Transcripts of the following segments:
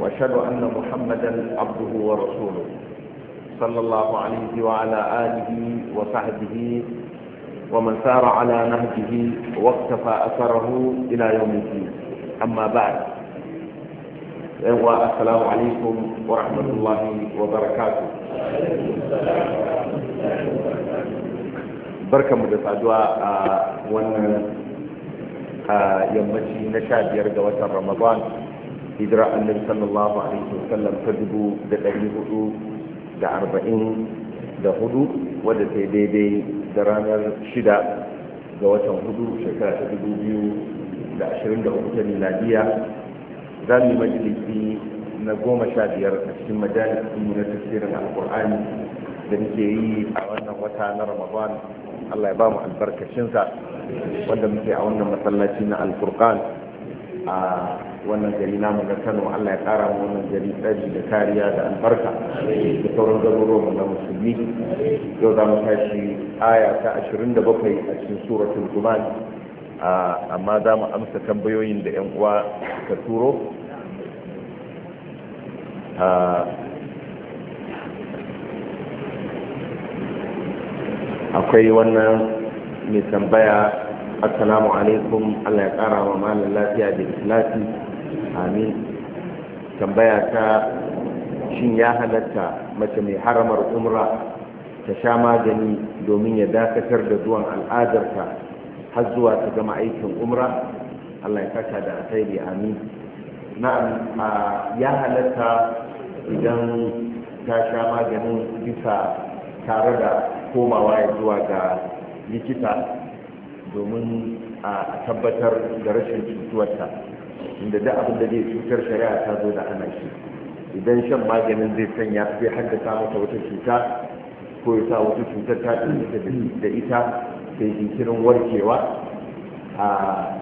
واشهد ان محمدا عبده ورسوله صلى الله عليه وعلى اله وصحبه ومن سار على نهجه واقتفى اثره الى يوم الدين اما بعد السلام عليكم ورحمه الله وبركاته بركة مدفع دعاء آه، وانا آه، يمشي نشاد na sha رمضان hijira annabi sallallahu alaihi wasallam ta dubu da ɗari hudu da arba'in da hudu wadda ta daidai da ranar shida ga watan hudu shekara ta dubu biyu da ashirin da hudu ta miladiya za mu yi majalisi na goma sha biyar a cikin majalisinmu na tafsirin alkur'ani da muke yi a wannan wata na ramadan allah ya ba mu albarkacinsa wanda muke a wannan masallaci na alfurkan a wannan gari namu na kano allah ya kara mu wannan gari tsari da kariya da albarka da sauran garuruwan mu na musulmi yau za mu tashi aya ta ashirin da bakwai a cikin suratul zuman. amma za mu amsa tambayoyin da yan uwa ka turo akwai wannan mai tambaya assalamu alaikum allah ya kara wa malam lafiya da ikhlasi amin tambaya ta shin ya halatta mace mai haramar umra ta sha magani domin ya dakatar da zuwan al'adarta har zuwa ta gama aikin umra allah ya kasa da alkhairi amin na'am ya halatta idan ta sha maganin bisa tare da komawa ya zuwa ga likita domin a tabbatar da rashin cutuwarta inda da abin da zai cutar shari'a ta zo da ana shi idan shan maganin zai sanya zai haddasa mata wata cuta ko ya sa wata cutar ta da ita sai jinkirin warkewa a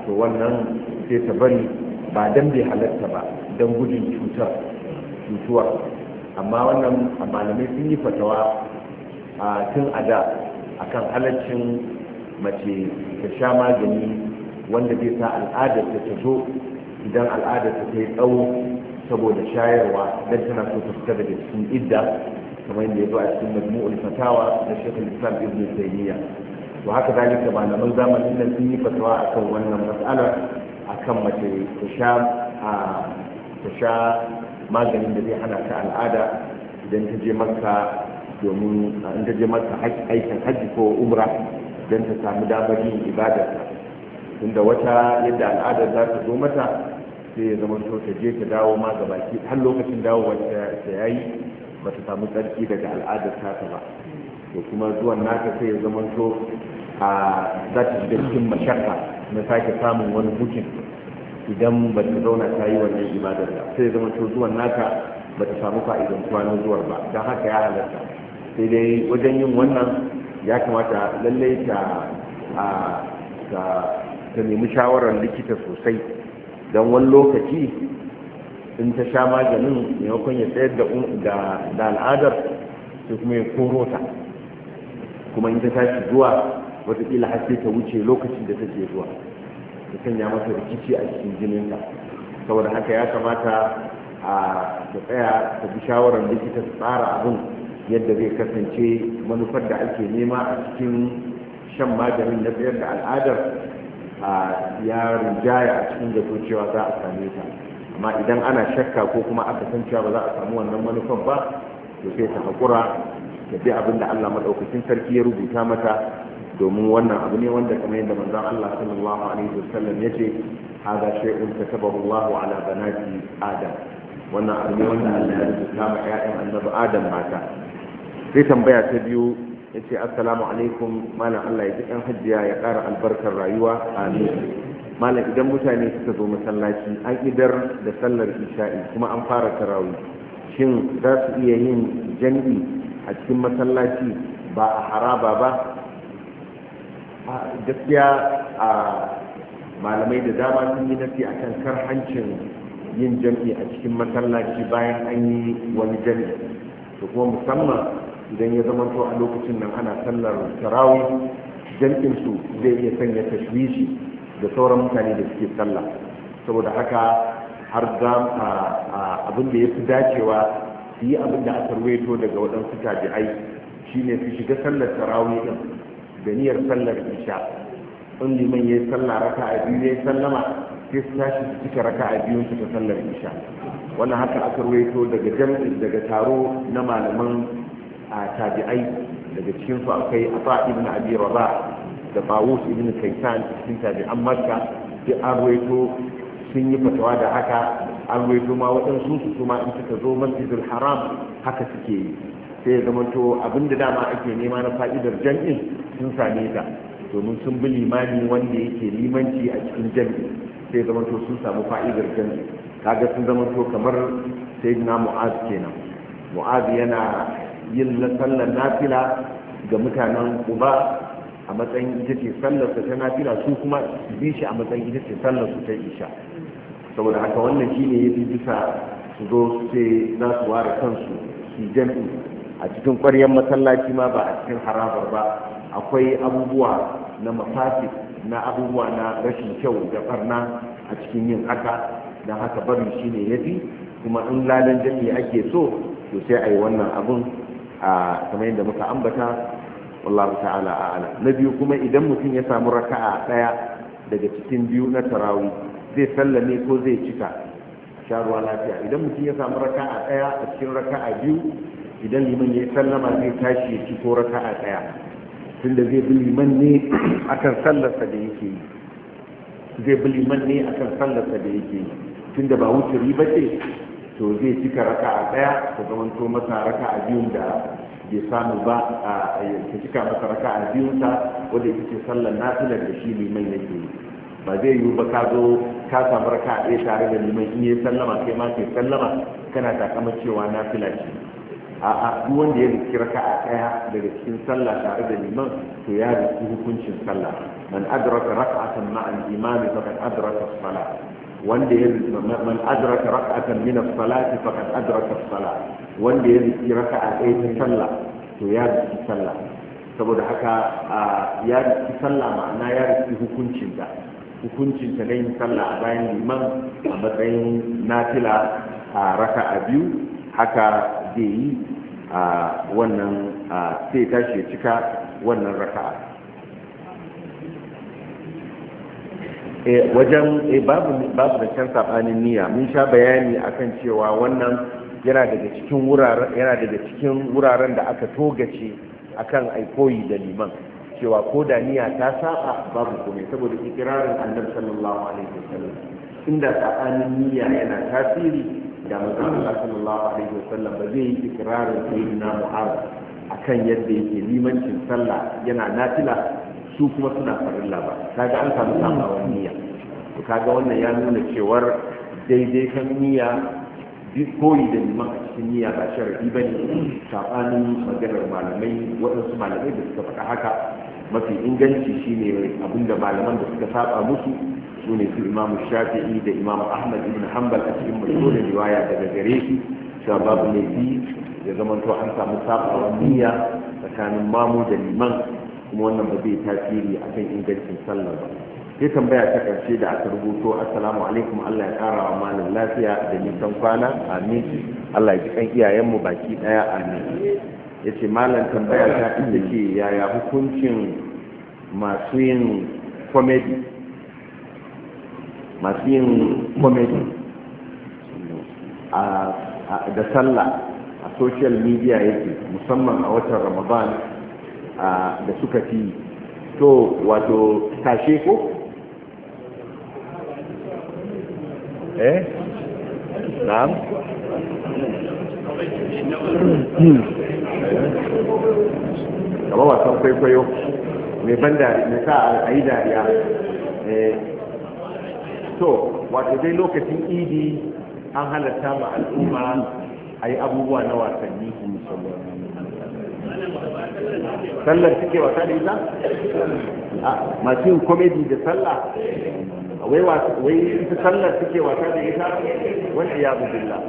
to wannan sai ta bari ba don bai halatta ba don gudun cutar cutuwa amma wannan malamai sun yi fatawa tun a da akan halaccin mace ta sha magani wanda zai sa al'adar ta zo idan al'adar ta yi tsawo saboda shayarwa don tana so ta fita daga cikin idda kamar yadda ya zo a cikin majmu'ul fatawa na shekul islam ibn taymiya to haka zalika malaman zamanin nan sun yi fatawa akan wannan mas'alar akan mace ta sha ta sha maganin da zai hana ta al'ada idan ta je makka domin in ta je aikin hajji ko umra don ta samu damar yin ibadarta tunda wata yadda al'adar za ta zo mata sai ya zama ta je ta dawo ma ga baki har lokacin dawo ta yayi ba ta samu tsarki daga al'adar ta ba to kuma zuwan naka sai ya zama to a za ta shiga cikin mashaka na sake samun wani bukin idan ba ta zauna ta yi wannan ibadar sai ya zama to zuwan naka ba ta samu fa'idan kwanan zuwar ba don haka ya halarta sai dai wajen yin wannan ya kamata lallai ta ta nemi shawarar likita sosai don wani lokaci in ta sha maganin maimakon ya tsayar da al'adar sai kuma ya koro ta kuma in ta tashi zuwa watakila har sai ta wuce lokacin da take zuwa ta sanya masa rikici a cikin jininta saboda haka ya kamata a ta tsaya ta bi shawarar likita su tsara abin yadda zai kasance manufar da ake nema a cikin shan maganin na tsayar da al'adar a ya rinjaya a cikin zato cewa za a same ta amma idan ana shakka ko kuma aka san cewa ba za a samu wannan manufar ba to sai ta hakura ta bi abin da Allah madaukakin sarki ya rubuta mata domin wannan abu ne wanda kamar yadda manzan Allah sallallahu alaihi wasallam yace haza shay'un katabahu Allahu ala banati adam wannan abu ne wanda Allah ya rubuta ma ƴaƴan annabi adam mata sai tambaya ta biyu ya ce assalamu alaikum malam allah ya ji ɗan hajjiya ya ƙara albarkar rayuwa amin malam idan mutane suka zo masallaci an idar da sallar isha'i kuma an fara tarawi shin za su iya yin jam'i a cikin masallaci ba a haraba ba gaskiya a malamai da dama sun yi nafi akan karhancin yin jam'i a cikin masallaci bayan an yi wani jam'i to kuma musamman idan ya zama to a lokacin nan ana sallar tarawi jam'in su zai iya sanya tashwishi da sauran mutane da suke sallah saboda haka har za abin da ya fi dacewa su yi abin da aka ruwaito daga waɗansu tabi'ai shine su shiga sallar tarawi din da niyyar sallar isha in liman ya yi sallah raka a biyu ya yi sallama sai su tashi su cika raka a biyun su ta sallar isha wannan haka aka ruweto daga jam'i daga taro na malaman a tabi'ai daga cikin su akwai afa ibn abi rabah da bawus ibn kaisan cikin tabi'an makka da an ruwaito sun yi fatawa da haka an ruwaito ma waɗansu su kuma in suka zo masjidul haram haka suke yi sai ya zama to da dama ake nema na fa'idar jam'in sun same ta domin sun bi limani wanda yake limanci a cikin jam'i sai ya zama to sun samu fa'idar jam'i kaga sun zama to kamar sayyidina mu'az kenan mu'az yana yin sallar nafila ga mutanen uba a matsayin ita ce sallar su ta nafila su kuma bi shi a matsayin ita ce sallar su ta isha saboda haka wannan shi ne ya fi bisa su zo sai za su ware kansu su jam'i a cikin ƙwaryar masallaci ma ba a cikin harabar ba akwai abubuwa na mafafi na abubuwa na rashin kyau da barna a cikin yin haka don haka barin ne ya fi kuma in lalan jami'i ake so to sai a yi wannan abun a kamar yadda muka ambata wallahu ta'ala a'ala na biyu kuma idan mutum ya samu raka'a daya daga cikin biyu na tarawi zai sallame ko zai cika sha ruwa lafiya idan mutum ya samu raka'a daya a cikin raka'a biyu idan liman ya sallama zai tashi ya ci ko raka'a daya tunda zai bi liman ne akan sallarsa da yake yi zai bi liman ne akan sallarsa da yake yi tunda ba wuce riba ce to zai cika raka a ɗaya ta zamanto masa raka a biyun da bai samu ba a yanke cika masa raka a biyunsa wadda ya ce sallar nafilar da shi liman yake yi ba zai yiwu ba ka zo ka samu raka a ɗaya tare da liman in yi sallama kai ma ke sallama kana takama cewa nafila ce A duk wanda ya riki raka a ɗaya daga cikin sallah tare da liman to ya riki hukuncin sallah man adraka raka'atan ma'al imami faqad adraka as-salah wanda ya man adraka raka'atan min as-salati faqad adraka as-salat wanda ya zuci raka'a ɗaya ta sallah to ya zuci sallah saboda haka ya zuci sallah ma'ana ya riki hukuncin ta hukuncin ta na yin sallah a bayan liman a matsayin nafila a raka'a biyu haka zai yi a wannan sai tashi ya cika wannan raka'a Eh, wajen eh, babu da can sabanin niyya mun sha bayani akan cewa wannan yana daga cikin wuraren yana daga cikin wuraren da aka togace akan aikoyi da liman cewa ko da niyya ta saɓa babu kome saboda ikirarin annabi sallallahu alaihi wasallam inda sabanin niyya yana tasiri da manzon Allah sallallahu alaihi wasallam ba zai yi ikirarin sayyidina akan yadda yake limancin sallah yana nafila su kuma suna farilla ba kaga an samu sabawar niyya to kaga wannan ya nuna cewar daidai kan niyya koyi da liman a cikin niyya ba sharadi ba ne saɓanin maganar malamai waɗansu malamai da suka faɗa haka mafi inganci shine abinda malaman da suka saba musu su ne su imamu shafi'i da Imam ahmad ibn hanbal a cikin da riwaya daga gare shi cewa babu laifi ya zamanto an samu saɓawar niyya tsakanin mamu da liman kuma wannan ba zai tasiri a kan ingancin sallar ba sai tambaya ta ƙarshe da aka rubuto assalamu alaikum allah ya kara wa malam lafiya da nisan kwana amin allah ya ji kan iyayenmu baki ɗaya amin ya ce malam tambaya ta ita ke yaya hukuncin masu yin komedi masu yin komedi da sallah a social media yake musamman a watan ramadan da suka fi to wato tashe ko eh na'am kamar wasan kwaikwayo mai banda mai sa a yi dariya eh, to wato dai lokacin idi an halatta ma al'umma a yi abubuwa na wasanni musamman sallar suke wasa da ita masu yin komedi da sallah wai wai ita sallar suke wasa da ita wani ya billah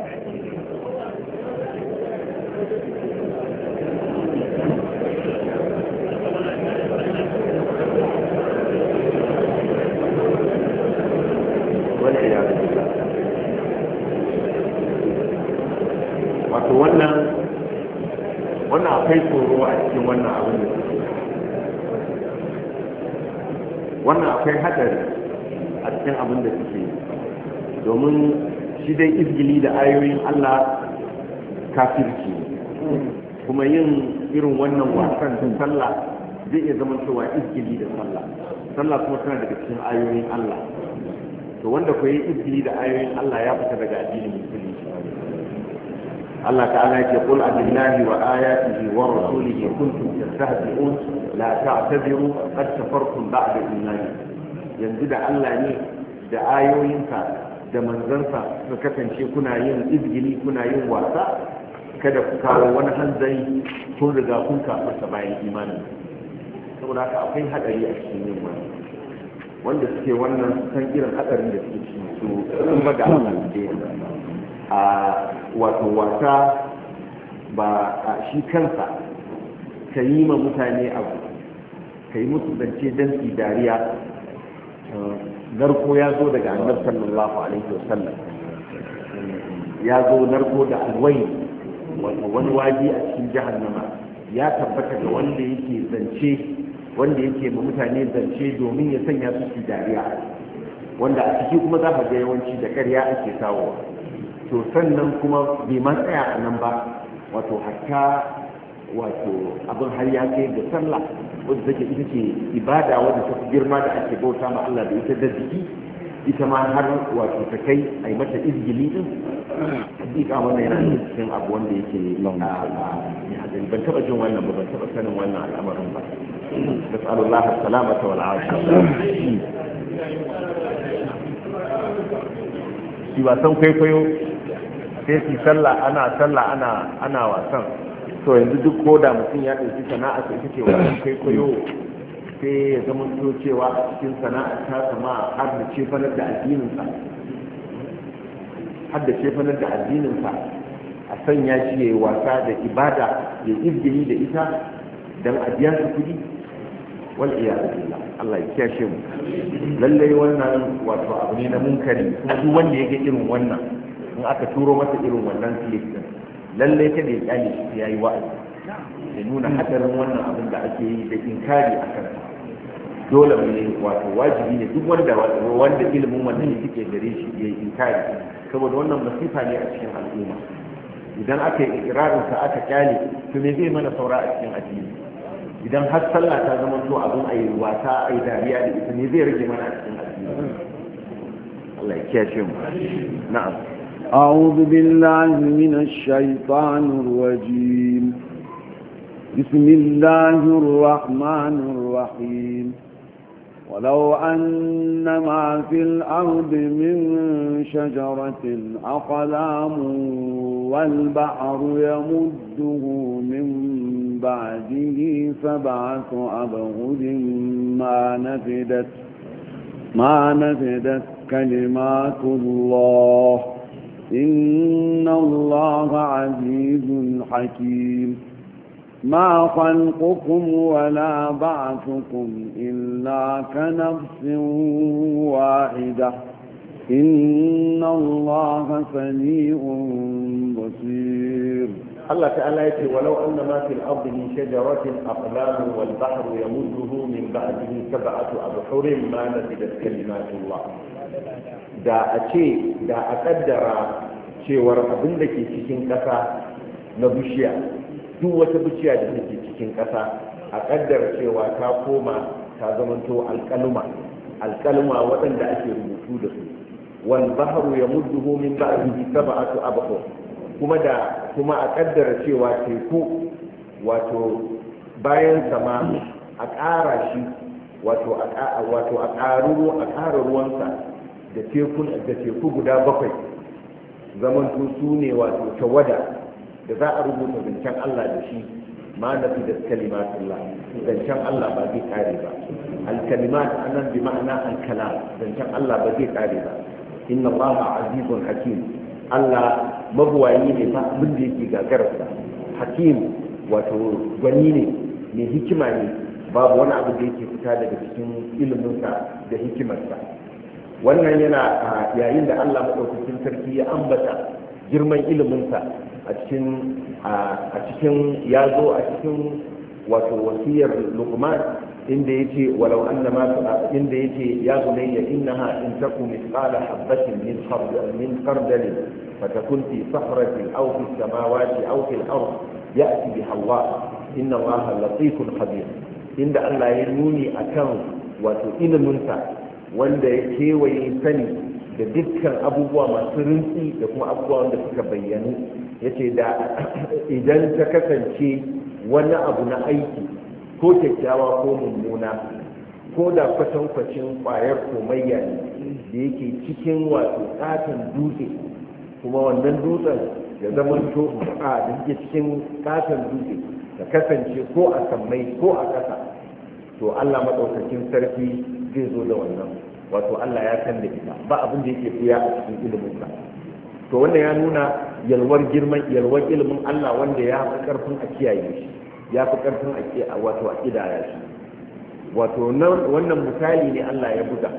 shi dai izgili da ayoyin Allah kafirci kuma yin irin wannan wasan da sallah zai iya zama cewa izgili da sallah sallah kuma tana daga cikin ayoyin Allah to wanda ku yi izgili da ayoyin Allah ya fita daga addinin musulmi Allah ta'ala yake qul abillahi wa ayatihi wa rasulihi kuntum tastahzi'un la ta'tadiru qad kafartum ba'da imanikum yanzu da Allah ne da ayoyinsa da manzansa su kasance kuna yin izgili kuna yin wasa kada ku kawo wani hanzari kun riga kun kafarsa bayan imanin saboda haka akwai hadari a cikin yin wani wanda suke wannan san irin hadarin da suke ciki su sun ba da a wato wasa ba a shi kansa ka yi ma mutane abu ka yi musu zance don su dariya narko ya zo daga annabi sallallahu alaihi wasallam ya zo narko da alwai wato wani waji a cikin jahannama ya tabbata ga wanda yake zance wanda yake ma mutane zance domin ya sanya su su dariya wanda a ciki kuma za ka ga yawanci da ƙarya ake sawowa to sannan kuma bai ma tsaya a nan ba wato hatta wato abin har ya kai da sallah wanda take ita ce ibada wanda ta fi girma da ake bauta ma Allah da ita da jiki ita ma har wato ta kai a yi mata izgili din hakika wannan yana da cikin abu wanda yake ah, ban taba jin wannan ba ban taba sanin wannan al'amarin ba nas'alullah as-salamata wal afiya shi wasan kwaikwayo sai su sallah ana sallah ana ana wasan to yanzu duk ko da mutum ya ɗauki sana'a sai ita ce kai kwaikwayo sai ya zama to cewa a cikin sana'a ta sama har da cefanar da addininsa har da cefanar da addininsa a sanya shi ya yi wasa da ibada ya izgini da ita don a biya su kuɗi wal iyadu billah Allah ya kiyashe mu lallai wannan wato abu ne na munkari duk wanda ya ga irin wannan in aka turo masa irin wannan filin. lallai ta bai kyale shi ya yi wa'azi ya nuna hadarin wannan abin da ake yi da inkari a kan dole ne wato wajibi ne duk wanda wanda ilimin wannan ya suke gare shi ya yi inkari saboda wannan masifa ne a cikin al'umma idan aka yi ikirarin sa aka kyale to me zai mana saura a cikin addini idan har sallah ta zama to abin a yi wasa a yi dariya da ita ne zai rage mana a cikin addini Allah ya kiyaye mu na'am أعوذ بالله من الشيطان الرجيم بسم الله الرحمن الرحيم ولو أن ما في الأرض من شجرة أقلام والبحر يمده من بعده سبعة أبغد ما نفدت ما نفدت كلمات الله إن الله عزيز حكيم ما خلقكم ولا بعثكم إلا كنفس واحدة إن الله سميع بصير الله تعالى يقول ولو أن ما في الأرض من شجرة أقلام والبحر يمده من بعده سبعة أبحر ما نزلت كلمات الله da a ce da a kaddara cewar abin da ke cikin ƙasa na bishiya duk wata bishiya da take cikin ƙasa a kaddara cewa ta koma ta zamanto alƙaluma alƙaluma waɗanda ake rubutu da su wal bahru yamudduhu min ba'dihi sab'atu abqa kuma da kuma a kaddara cewa teku wato bayan sama a ƙara shi wato a ƙaru a ƙara ruwansa da tekun da teku guda bakwai zaman su ne wato tawada da za a rubuta zancen Allah da shi ma na fi da zancen Allah ba zai kare ba alkalimat anan bi ma'ana alkalam zancen Allah ba zai kare ba inna Allah azizun hakim Allah mabuwayi ne ba abin da yake gagararsa hakim wato gwani ne mai hikima ne babu wani abu da yake fita daga cikin iliminsa da hikimarsa wannan yana yayin da Allah maɗaukakin sarki ya ambata girman iliminsa a cikin a ya zo a cikin wato wasiyar luqman inda yace walau anna ma inda yace ya bunayya innaha in taku mithqala habatin min khardal min khardal fatakun fi sahratin aw fi samawati aw fi al-ard ya'ti biha Allah inna Allah latifun khabir inda Allah ya nuni akan wato iliminsa wanda ya kewaye sani da dukkan abubuwa masu rinsi da kuma abubuwan da suka bayyanu ya ce da idan ta kasance wani abu na aiki ko kyakkyawa ko mummuna ko da kwatankwacin kwayar komayya ne da yake cikin wato katon dutse kuma wannan dutsen ya zama to a da cikin katon dutse ta kasance ko a sammai ko a ƙasa to Allah madaukakin sarki zai zo da wannan wato Allah ya san da ita ba abin da yake kuya a cikin ilimin ka to wannan ya nuna yalwar girman yalwar ilimin Allah wanda ya fi karfin a kiyaye shi ya fi karfin a kiyaye wato a kidaya shi wato wannan misali ne Allah ya buga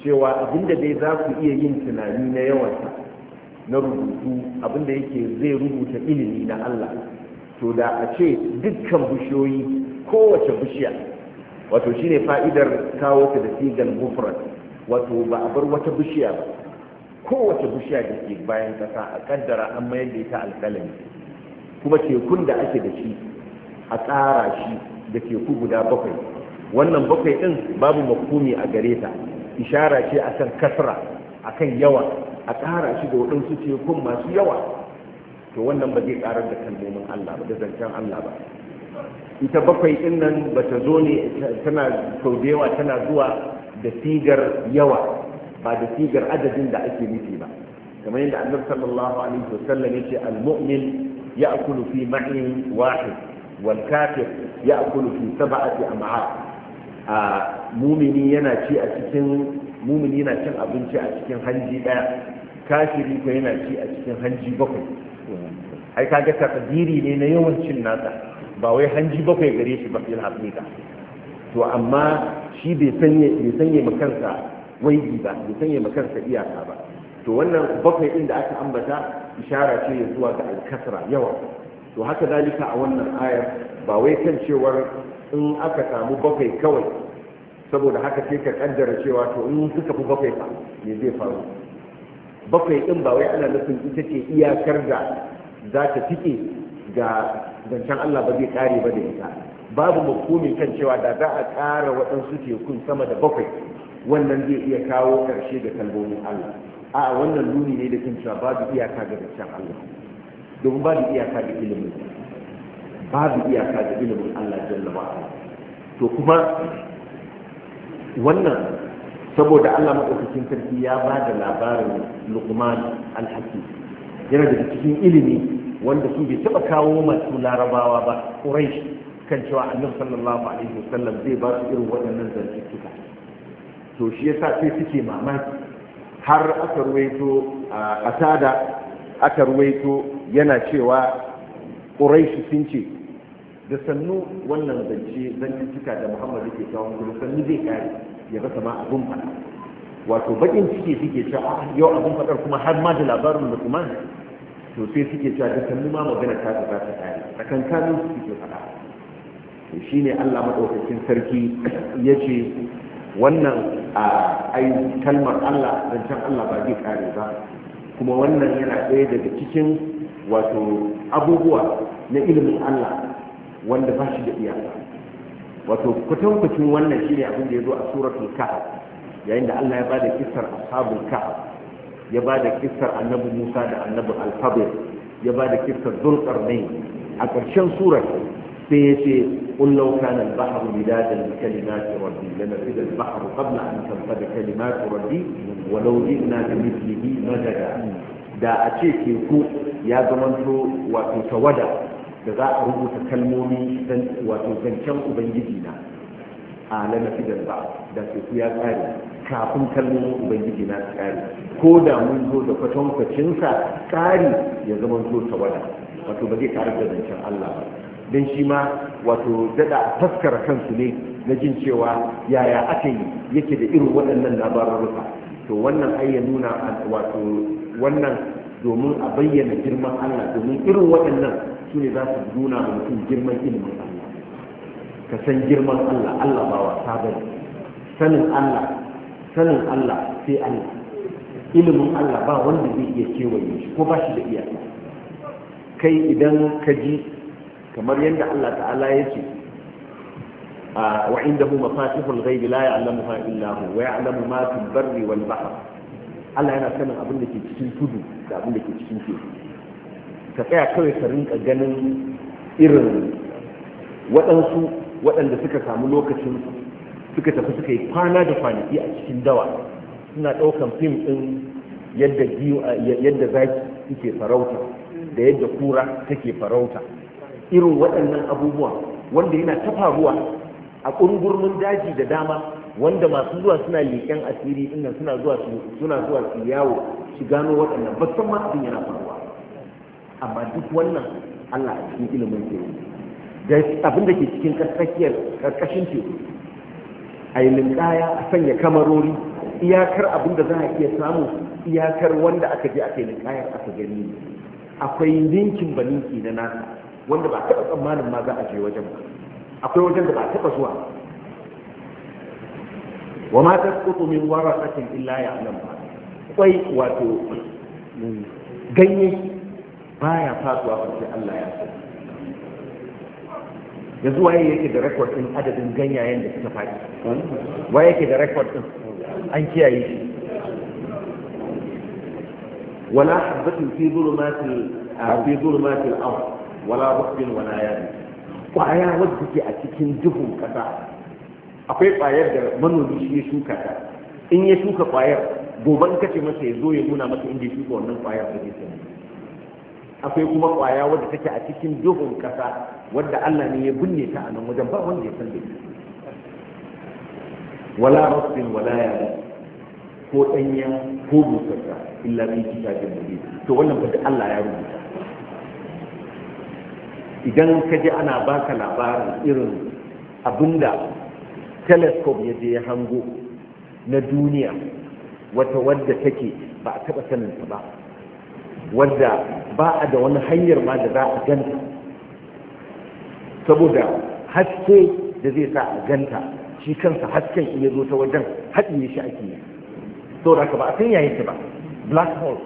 cewa abinda dai za ku iya yin tunani na yawansa na rubutu abin da yake zai rubuta ilimi na Allah to da a ce dukkan bishiyoyi kowace bishiya wato shine fa'idar kawo ta da sigan mufrad wato ba a bar wata bishiya ba kowace bishiya da ke bayan kasa a kaddara an mayar da ita alkalami kuma tekun da ake da shi a tsara shi da teku guda bakwai wannan bakwai din babu makumi a gare ta ishara ce akan kasra kan yawa a tsara shi da waɗansu tekun masu yawa to wannan ba zai karar da kalmomin Allah ba da zancen Allah ba ita bakwai din nan ba ta zo ne tana sau da yawa tana zuwa da sigar yawa ba da sigar adadin da ake nufi ba kamar yadda annabi sallallahu alaihi wasallam yace al ya'kulu fi ma'in wahid wal kafir ya'kulu fi sab'ati am'a a mumini yana ci a cikin mumini yana cin abinci a cikin hanji daya kafiri ko yana ci a cikin hanji bakwai ai kaga takdiri ne na yawan cin nasa ba wai hanji bakwai gare shi ba fil haqiqa to amma shi bai sanye kansa ba bai sanye kansa iyaka ba to wannan bakwai ɗin da aka ambata ishara ce ya zuwa ga alkasra yawa to haka dalika a wannan ayar ba wai kan cewar in aka samu bakwai kawai saboda haka sai ka kaddara cewa to in suka fi bakwai fa me zai faru bakwai din ba wai ana nufin ita ce iyakar da za ta tike ga zancen Allah ba zai kare ba da ita babu makomin kan cewa da za a ƙara waɗansu tekun sama da bakwai wannan zai iya kawo ƙarshe ga kalmomin Allah a wannan nuni ne da kan cewa babu iyaka ga zancen Allah domin babu iyaka ga ilimin babu iyaka ga ilimin Allah jalla wa to kuma wannan saboda Allah maɗaukakin sarki ya ba da labarin Luqman al-Hakim yana da cikin ilimi wanda su bai taɓa kawo masu larabawa ba quraish kan cewa annabi sallallahu alaihi wasallam zai ba su irin waɗannan zantuttuka to shi yasa sai suke mamaki har aka ruwaito a tada aka ruwaito yana cewa quraish sun ce da sannu wannan zance zantuttuka da muhammad yake kawo gudu sannu zai kare ya rasa ma abun faɗa wato bakin ciki suke cewa ah, yau abun faɗar kuma har ma da labarin musulman to sai suke cewa da sannu ma magana ta ta ta kare kan su suke faɗa to shine Allah madaukakin sarki yace wannan a ai kalmar Allah can Allah ba zai kare ba kuma wannan yana ɗaya daga cikin wato abubuwa na ilimin Allah wanda ba shi da iyaka wato kwatankwacin wannan shine abin da ya zo a suratul kahf yayin da Allah ya bada kisar ashabul kahf ya ba da kisar annabi musa da annabi alfabir ya ba da kissar ne? a ƙarshen surar sai ya ce ƙullau albahar bidadan da kalimatu rabbi lana fida albahar qabla an tanfada kalimatu rabbi walau jinna bi mithlihi madada da a ce teku ya zamanto wato tawada da za a rubuta kalmomi wato zancen ubangiji na ala na fidan ba da teku ya kare kafin kallon ubangiji na kare ko da mun zo da kwatankwacinsa tsari ya zama zo tawada wato ba zai kare da zancen allah ba don shi ma wato dada taskara kansu ne na jin cewa yaya aka yi yake da irin waɗannan labarurruka to wannan ai ya nuna wato wannan domin a bayyana girman allah domin irin waɗannan su ne za su nuna mutum girman ilimin allah ka san girman Allah Allah ba wasa ba sanin Allah sanin Allah sai Allah ilimin Allah ba wanda zai iya kewaye shi ko ba shi da iyaka kai idan ka ji kamar yadda Allah ta'ala ya ce wa indahu mafatihul ghaibi la ya'lamuha illa hu wa ya'lamu ma fil barri wal bahr Allah yana sanin abin da ke cikin tudu da abin da ke cikin teku ka tsaya kawai ka rinka ganin irin waɗansu waɗanda suka samu lokacin suka tafi suka yi kwana da kwanaki a cikin dawa suna ɗaukan fim ɗin yadda yadda zaki suke farauta da yadda kura take farauta irin waɗannan abubuwa wanda yana ta faruwa a ƙungurmin daji da dama wanda masu zuwa suna leƙen asiri inda suna zuwa su suna yawo su gano waɗannan ba san ma abin yana faruwa amma duk wannan Allah a cikin ilimin ke da abin da ke cikin tsakiyar karkashin teku a yi linkaya a sanya kamarori iyakar abin da za a iya samu iyakar wanda aka je aka yi a aka gani akwai ninkin baninki na nasa wanda ba taɓa tsammanin ma za a je wajen ba akwai wajen da ba taɓa zuwa wa ma tasqutu min warasatin illa ba kwai wato ganye baya ba sai Allah ya sani yanzu waye yake da rekord din adadin ganyayen da suka faɗi waye yake da rekord din an kiyaye shi wala habbatin fi zulumati ah, fi zulumati al-ard wala rukbin wala yadi kwaya wadda ke a cikin duhun kasa akwai kwayar da manomi shi ya shuka ta in ya shuka kwayar gobe in kace masa ya zo ya nuna masa inda ya shuka wannan kwayar da ke sani akwai kuma kwaya wadda take a cikin duhun kasa wadda Allah ne ya binne ta a nan wajen ba wanda ya san da wala rabbin wala ya ko danya ko busarta illa fi kitabin mubin to wannan fa Allah ya rubuta idan ka ji ana baka labarin irin abinda telescope ya je ya hango na duniya wata wadda take ba a taba sanin ta ba wadda ba a da wani hanyar ma da za a ganta saboda haske da zai sa a ganta shi kansa hasken iya zo ta wajen haɗiye shi ake yi saboda ka ba a san yayin ba black hole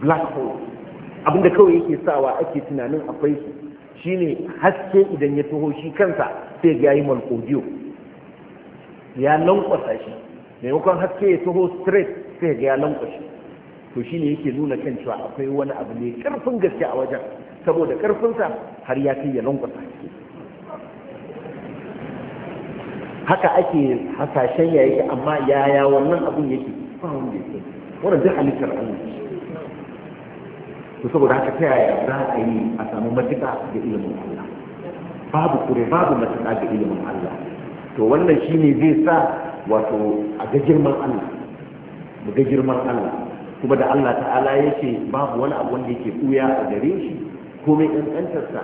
black hole abinda kawai yake sawa ake tunanin akwai su shine haske idan ya taho shi kansa sai ga yi malkodiyo ya lankwasa shi maimakon haske ya taho straight sai ga ya lankwasa shi to shine yake nuna kan cewa akwai wani abu ne karfin gaske a wajen saboda karfinsa har ya kai ya lankwasa haka ake hasashen ya yake amma yaya wannan abun yake ba wanda yake wannan duk halittar Allah to saboda haka ta yaya za a yi a samu matuƙa ga ilimin Allah babu kure babu matuƙa ga ilimin Allah to wannan shine zai sa wato a ga girman Allah mu ga girman Allah kuma da Allah ta'ala ya ce babu wani abu wanda yake buya a gare shi komai kankantarsa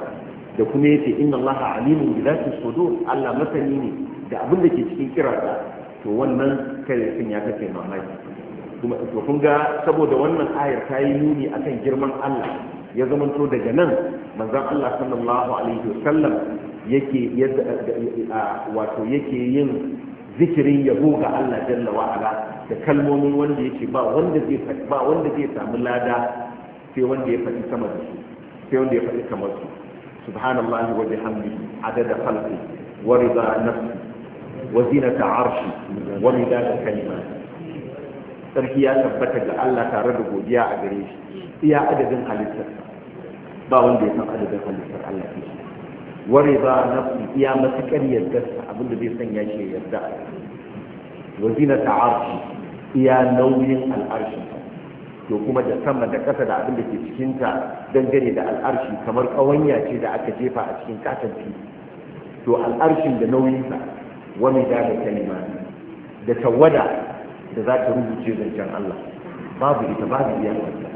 da kuma ce, inna Allah alimun bi zati sudur Allah masani ne da abin da ke cikin kirarsa to wannan kai sun ya kace mamaki kuma to kun ga saboda wannan ayar ta yi nuni akan girman Allah ya zamanto daga nan manzon Allah sallallahu alaihi wasallam yake wato yake yin zikirin yabo ga Allah jalla wa'ala da kalmomin wanda yake ba wanda zai ba wanda zai samu lada sai wanda ya faɗi sama da su sai wanda ya faɗi kamar su subhanallahi wa bihamdihi adada khalqi wa rida nafsi wa zinata arshi wa midada kalimati sarki ya tabbata ga Allah tare da godiya a gare shi iya adadin halittar ba wanda ya san adadin halittar Allah ke shi ware ba nafsi iya matuƙar yardarsa abinda zai sanya shi yarda wa zina ta arshi iya nauyin al'arshi to kuma da sama da ƙasa da abinda ke cikinta dangane da al'arshi kamar ƙawanya ce da aka jefa a cikin katon fili to al'arshin da nauyinsa wani da da kalima da tawada da za ta rubuce zancen Allah babu ita babu iyakar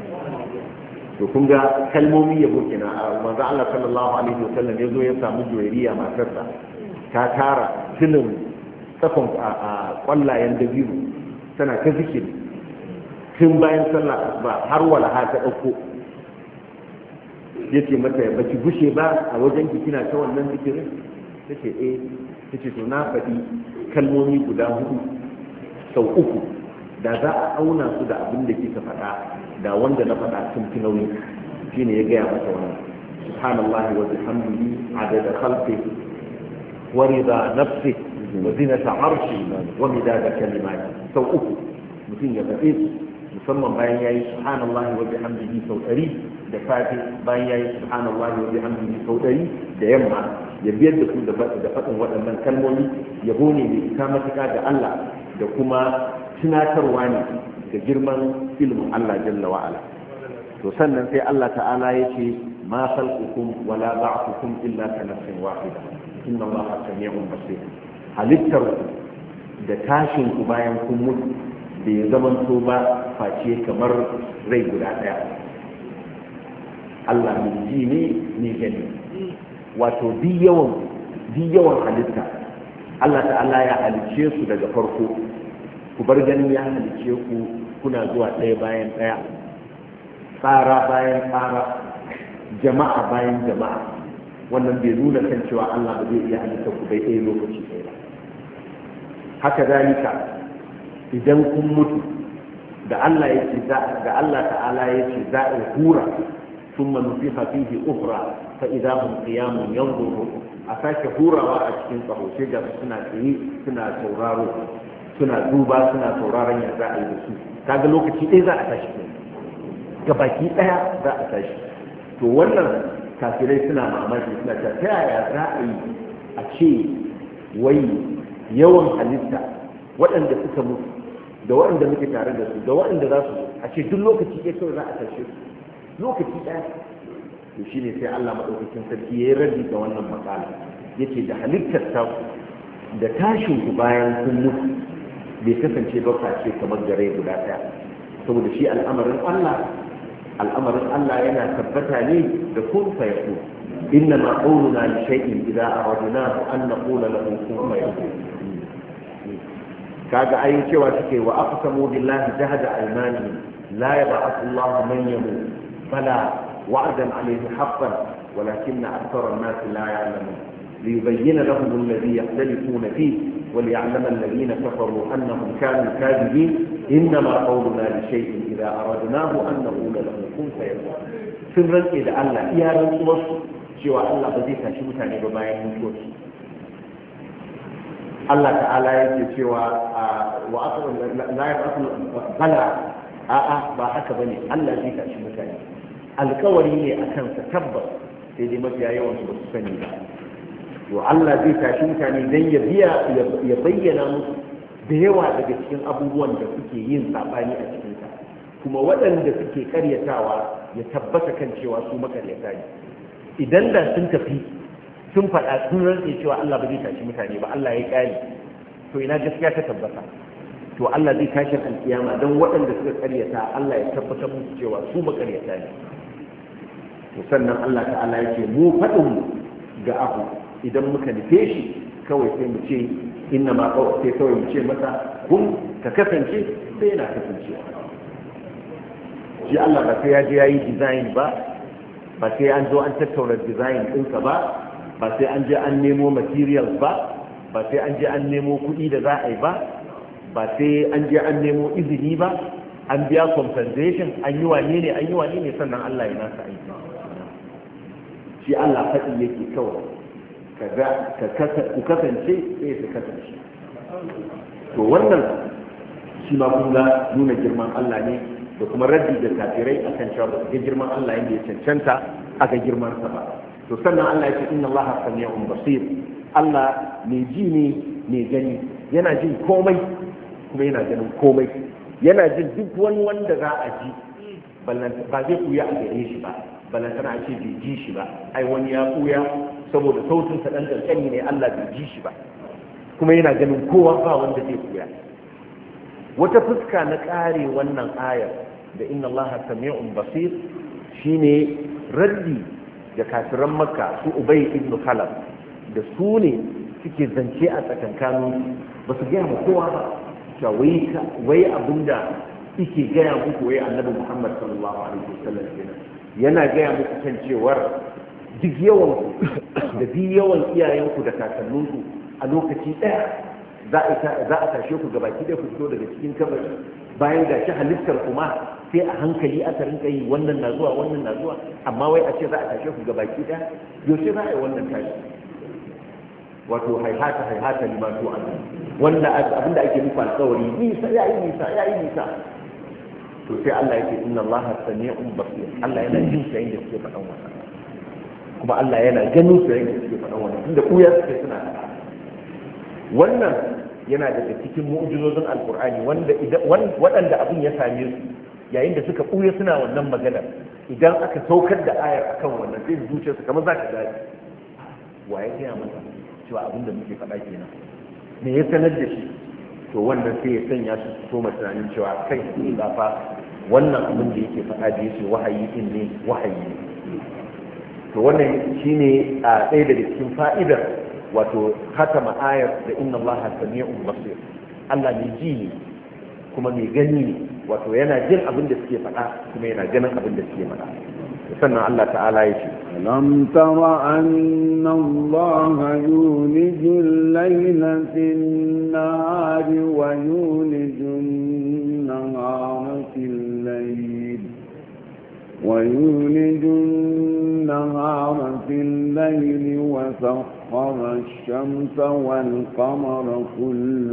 to kun ga kalmomi yabo kenan a manzo Allah sallallahu alaihi wasallam ya zo ya samu juriya matarsa ta tara tilin tsakon a kwallayen dabiru tana ta zikiri tun bayan sallah ba har walaha ta dauko yace mata ba ki gushe ba a wajen ki kina ta wannan zikirin tace eh to na faɗi kalmomi guda hudu sau uku da za a auna su da abin da kika faɗa da wanda na faɗa sun fi nauyi shine ya gaya masa wannan subhanallah wa bihamdihi adada khalqi wa rida nafsi wa zinata arshi wa midada kalimati sau uku mutum ya faɗe su musamman bayan yayi subhanallah wa bihamdihi sau ɗari da safe bayan yayi subhanallah wa bihamdihi sau ɗari da yamma ya biyar da su da faɗin waɗannan kalmomi yabo ne mai isa matuƙa da Allah da kuma tunatarwa ne da girman ilimin Allah jalla wa'ala to sannan sai Allah ta'ala ya ce ma khalqukum wala ba'thukum illa ka nafsin wahida inna Allaha sami'un basir halittar da tashin ku bayan kun mutu bai zamanto ba face kamar rai guda daya Allah min ji ne gani wato bi yawan halitta Allah ta'ala ya halicce su daga farko ku bar ganin ya halice ku kuna zuwa ɗaya bayan ɗaya tsara bayan tsara jama'a bayan jama'a wannan bai nuna kan cewa Allah ba zai iya halitta ku bai ɗaya lokaci ɗaya ba haka zalika idan kun mutu da Allah yake da Allah ta'ala yake za a hura ثم نفخ فيه أخرى فإذا هم a sake hurawa a وأشكين فهو suna سنة suna tauraro. suna duba suna sauraron ya za a yi da su kaga lokaci ɗaya za a tashi ga baki ɗaya za a tashi to wannan kafirai suna mamaki suna ta ta yaya za a yi a ce wai yawan halitta waɗanda suka mutu da waɗanda muke tare da su da waɗanda za su a ce duk lokaci ɗaya kawai za a tashi lokaci ɗaya to shine sai Allah maɗaukakin sarki ya yi rabi ga wannan matsala yace da halittar ta da tashin ku bayan sun mutu bai kasance ba face kamar gare guda ɗaya saboda shi al'amarin Allah al'amarin Allah yana tabbata ne da kun fa yaku inna ma qawluna li shay'in idza aradnahu an naqula lahu kun fa yaku kaga ayi cewa take wa aqsamu billahi jahada aymani la yab'athu Allah man yamut fala wa'dan alayhi haqqan ولكن أكثر الناس لا يعلمون ليبين لهم الذي يختلفون فيه وليعلم الذين كفروا أنهم كانوا كاذبين إنما قولنا لشيء إذا أردناه أن نقول له كن فيكون سرا إذا ألا يا رسول cewa Allah ba zai tashi mutane ba bayan mutuwarsu Allah ta'ala ya ce cewa wa aka la a fasu bala a'a ba haka bane Allah zai tashi mutane alkawari ne a kansa tabbas sai dai mafiya yawan su ba su sani ba to Allah zai tashi mutane dan ya biya ya bayyana musu da yawa daga cikin abubuwan da suke yin sabani a cikin sa kuma waɗanda suke karyatawa ya tabbata kan cewa su makaryata ne idan da sun tafi sun faɗa sun rantse cewa Allah ba zai tashi mutane ba Allah ya ƙare to ina gaskiya ta tabbata to Allah zai tashi alkiyama don waɗanda suka karyata Allah ya tabbatar musu cewa su makaryata ne to sannan Allah ta'ala yake mu faɗin ga abu idan muka nufe shi kawai sai mu ce inna ma kawai sai kawai mu ce masa kun ka kasance sai yana kasancewa shi Allah ba sai ya je yayi design ba ba sai an zo an tattauna design ɗinka ba ba sai an je an nemo materials ba ba sai an je an nemo kuɗi da za a yi ba ba sai an je an nemo izini ba an biya compensation an yi wane ne an yi wane ne sannan Allah ya nasa aiki shi Allah faɗi yake kawai ku kasance eh, sai ka kasance to wannan shi ma kun ga nuna girman Allah ne da kuma raddi da kafirai akan cewa ba ga girman Allah yadda ya cancanta aka girman sa ba to sannan Allah ya ce inna Allah sami'un basir Allah mai ji ne mai gani yana jin komai kuma yana ganin komai yana jin duk wani wanda za a ji ba zai kuya a gare shi ba ballantana a ce bai ji shi ba ai wani ya kuya saboda sautin sa dan kankani ne Allah bai ji shi ba kuma yana ganin kowa ba wanda zai tsira wata fuska na kare wannan ayar da inna Allah sami'un basir shine raddi da kafiran makka su ubay ibn khalaf da su ne suke zance a tsakankanu ba su gaya ma kowa ba wai abinda yake gaya muku wai annabi Muhammad sallallahu alaihi wasallam yana gaya muku kan cewar duk yawan da bi yawan iyayenku da kakanninku a lokaci ɗaya za a tashe ku gabaki ɗaya ku fito daga cikin kabari bayan ga shi halittar kuma sai a hankali aka rinka yi wannan na zuwa wannan na zuwa amma wai a ce za a tashe ku gabaki ɗaya yaushe za a yi wannan tashi wato haihata haihata lima to an wanda abinda ake nufa alƙawari nisa ya yi nisa ya yi nisa to sai Allah yake inna Allah sami'un basir Allah yana jin sayin da suke faɗan wasa kuma Allah yana ganin su yayin da suke faɗan wannan tunda kuya suke suna wannan yana daga cikin mu'jizozin alkur'ani wanda waɗanda abin ya same su yayin da suka kuya suna wannan maganar, idan aka saukar da ayar akan wannan sai zuciyarsu kamar za ka Wa ya gaya mata? cewa abin da muke faɗa kenan me ya sanar da shi to wannan sai ya sanya su su soma tunanin cewa kai ba fa wannan abin da yake faɗa da yake wahayi din ne wahayi ne to wannan shi ne a ɗaya daga cikin fa'idar wato hatama ayar da inna allaha sami'un basir Allah mai ji ne kuma mai gani ne wato yana jin abin da suke faɗa kuma yana ganin abin da suke faɗa sannan Allah ta'ala ya ce alam tara anna Allah yuliju al-layla fi an wa yuliju an-nahara fi al-layl wa yuliju النهار في الليل وسخر الشمس والقمر كل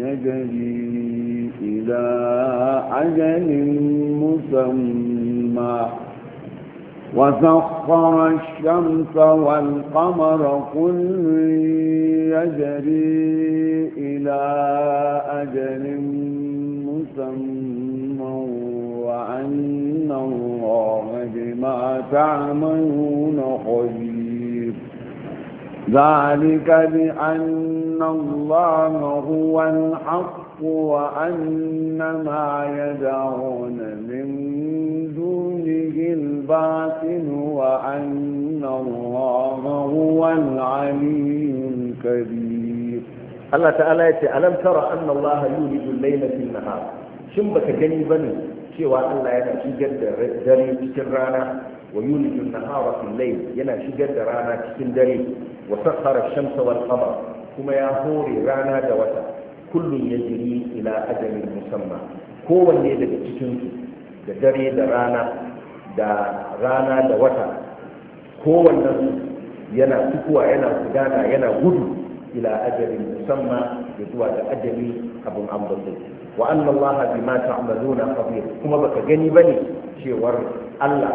يجري إلى أجل مسمى وسخر الشمس والقمر كل يجري إلى أجل مسمى وأن إن الله بما تعملون خبير ذلك بأن الله هو الحق وأن ما يدعون من دونه الباطل وأن الله هو العلي الكبير الله تعالى ألم ترى أن الله يولد الليل في النهار شنبك جنبني cewa Allah yana shigar da dare cikin rana wa yulijun nahara fil layl yana shigar da rana cikin dare wa sakhara shamsa wal qamar kuma ya hore rana da wata kullun yajri ila ajalin musamma kowanne daga cikin su da dare da rana da rana da wata kowanne yana tukuwa yana gudana yana gudu ila ajalin musamma ya zuwa da ajali abin ambato wa anna allaha bima ta'maluna khabir kuma baka gani bane cewar Allah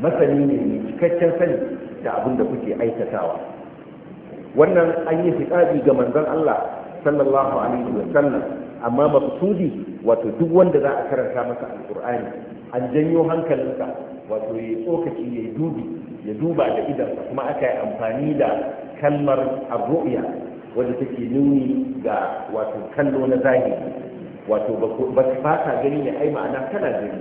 masani ne mai cikakken sani da abin da kuke aikatawa wannan an yi fitsabi ga manzon Allah sallallahu alaihi wa sallam amma maqsudi wato duk wanda za a karanta masa alqur'ani an janyo hankalinsa wato ya tsokaci ya dubi ya duba da idan kuma aka yi amfani da kalmar arru'ya wadda take nuni ga wato kallo na zahiri wato ba ta fata gani ne ai ma'ana tana gani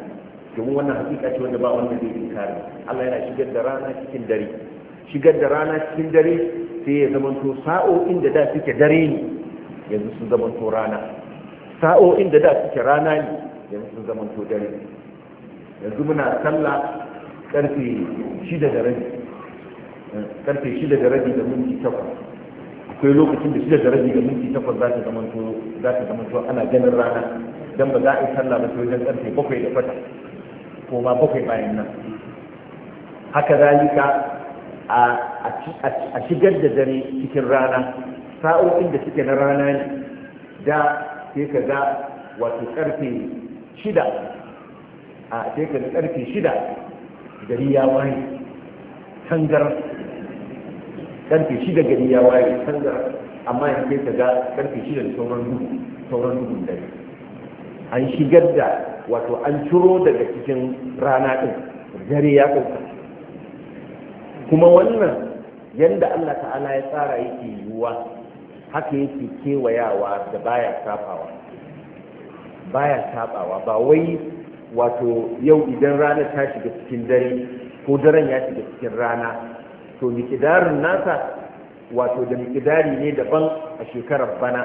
domin wannan hakika ce wanda ba wanda zai inkari Allah yana shigar da rana cikin dare shigar da rana cikin dare sai ya zamanto sa'o'in da da suke dare ne yanzu sun zamanto rana sa'o'in da da suke rana ne yanzu sun zamanto dare yanzu muna sallah karfe shida da rabi eh, karfe shida da rabi da minti takwas akwai lokacin da shida da rabi ga minti takwas za ta zamanto za ta zamanto ana ganin rana dan ba za a yi sallah ba sai wajen karfe bakwai da fata ko ma bakwai bayan nan haka zalika a shigar da dare cikin rana sa'o'in da suke na rana ne da sai ka ga wato karfe shida a sai ka ga karfe shida gari ya wani tangar karfe shida gari ya waye canza amma ya ke ta ga karfe shida da sauran duhu sauran dubu dare an shigar da wato an ciro daga cikin rana din dare ya ɗauka kuma wannan yadda Allah ta'ala ya tsara yake yiwuwa haka yake kewayawa da baya safawa baya safawa. ba wai wato yau idan rana ta shiga cikin dare ko daren ya shiga cikin rana to mikidarin nasa wato da mikidari ne daban a shekarar bana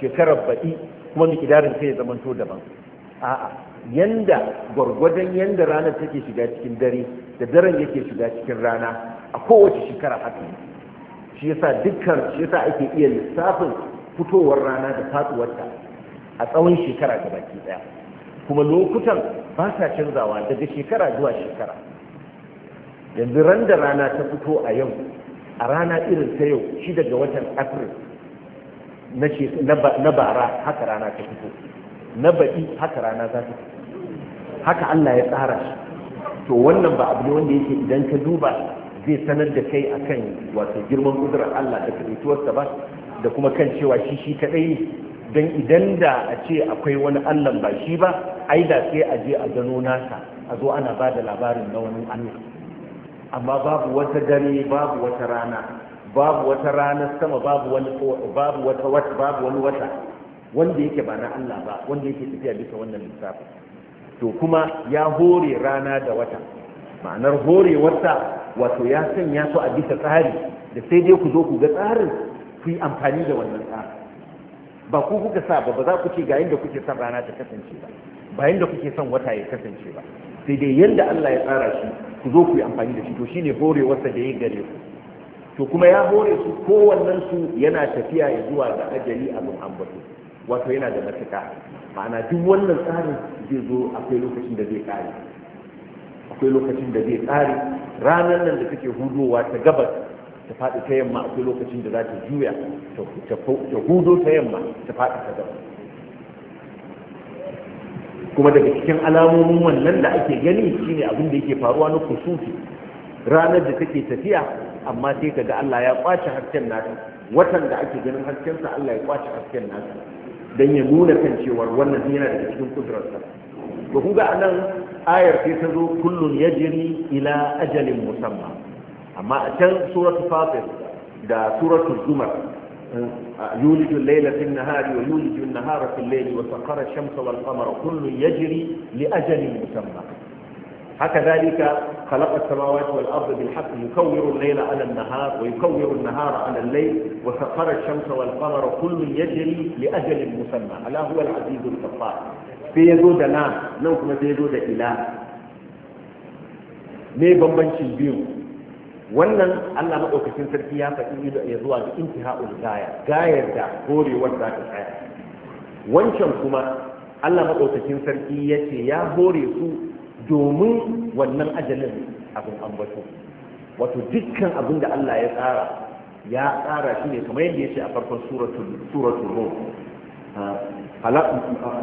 shekarar baɗi kuma mikidarin sai ya zamanto daban a'a yanda gwargwadon yanda ranar take shiga cikin dare da daren yake shiga cikin rana a kowace shekara haka shi yasa dukkan shi yasa ake iya lissafin fitowar rana da faduwarta a tsawon shekara gabaki daya kuma lokutan ba sa canzawa daga shekara zuwa shekara yanzu ran da rana ta fito a yau a rana irin ta yau shi daga watan april na bara haka rana ta fito na baɗi haka rana za ta fito haka allah ya tsara shi to wannan ba abu ne wanda yake idan ka duba zai sanar da kai akan wato girman kudurar allah da kaɗaituwarsa ba da kuma kan cewa shi shi kaɗai don idan da a ce akwai wani allah ba shi ba ai da sai a je a gano nasa a zo ana ba da labarin na wani allah amma babu wata dare babu wata rana babu wata ranar sama babu wani babu wata wata babu wani wata wanda yake ba na Allah ba wanda yake tafiya bisa wannan lissafin to kuma ya hore rana da wata ma'anar hore wata wato ya san ya su a bisa tsari da sai dai ku zo ku ga tsarin ku yi amfani da wannan tsarin ba ku kuka sa ba ba za ku ce ga yadda kuke son rana ta kasance ba ba yadda kuke son wata ya kasance ba sai dai yadda Allah ya tsara shi ku zo ku yi amfani da shi to shine horewarsa da ya gare ku to kuma ya hore su kowannen su yana tafiya ya zuwa ga ajali a muhammadu wato yana da matuka ma'ana duk wannan tsarin zai zo akwai lokacin da zai kare akwai lokacin da zai kare ranar nan da take hudowa ta gabas ta faɗi ta yamma akwai lokacin da za ta juya ta hudo ta yamma ta faɗi ta gabas kuma daga cikin alamomin wannan da ake gani shine abin da yake faruwa na kusufi ranar da take tafiya amma sai kaga Allah ya kwace hasken nata watan da ake ganin hasken sa Allah ya kwace hasken nata dan ya nuna kan cewar wannan yana daga cikin kudurarsa to kun ga anan ayar sai ta zo kullun yajri ila ajalin musamma amma a can suratul fatir da suratul zumar يولج الليل في النهار ويولج النهار في الليل وسخر الشمس والقمر كل يجري لأجل مسمى هكذلك خلق السماوات والأرض بالحق يكور الليل على النهار ويكور النهار على الليل وسخر الشمس والقمر كل يجري لأجل مسمى ألا هو العزيز الغفار في يزود نام نوكما في يزود إله ne bambancin biyu wannan Allah maɗaukacin sarki ya faɗi ya zuwa ga intiha'ul gaya gayar da horewar za ta tsaya wancan kuma Allah maɗaukacin sarki ya ce ya hore su domin wannan ajalin abin ambato wato dukkan abin da Allah ya tsara ya tsara shi ne kamar yadda ya ce a farkon suratul rum ah,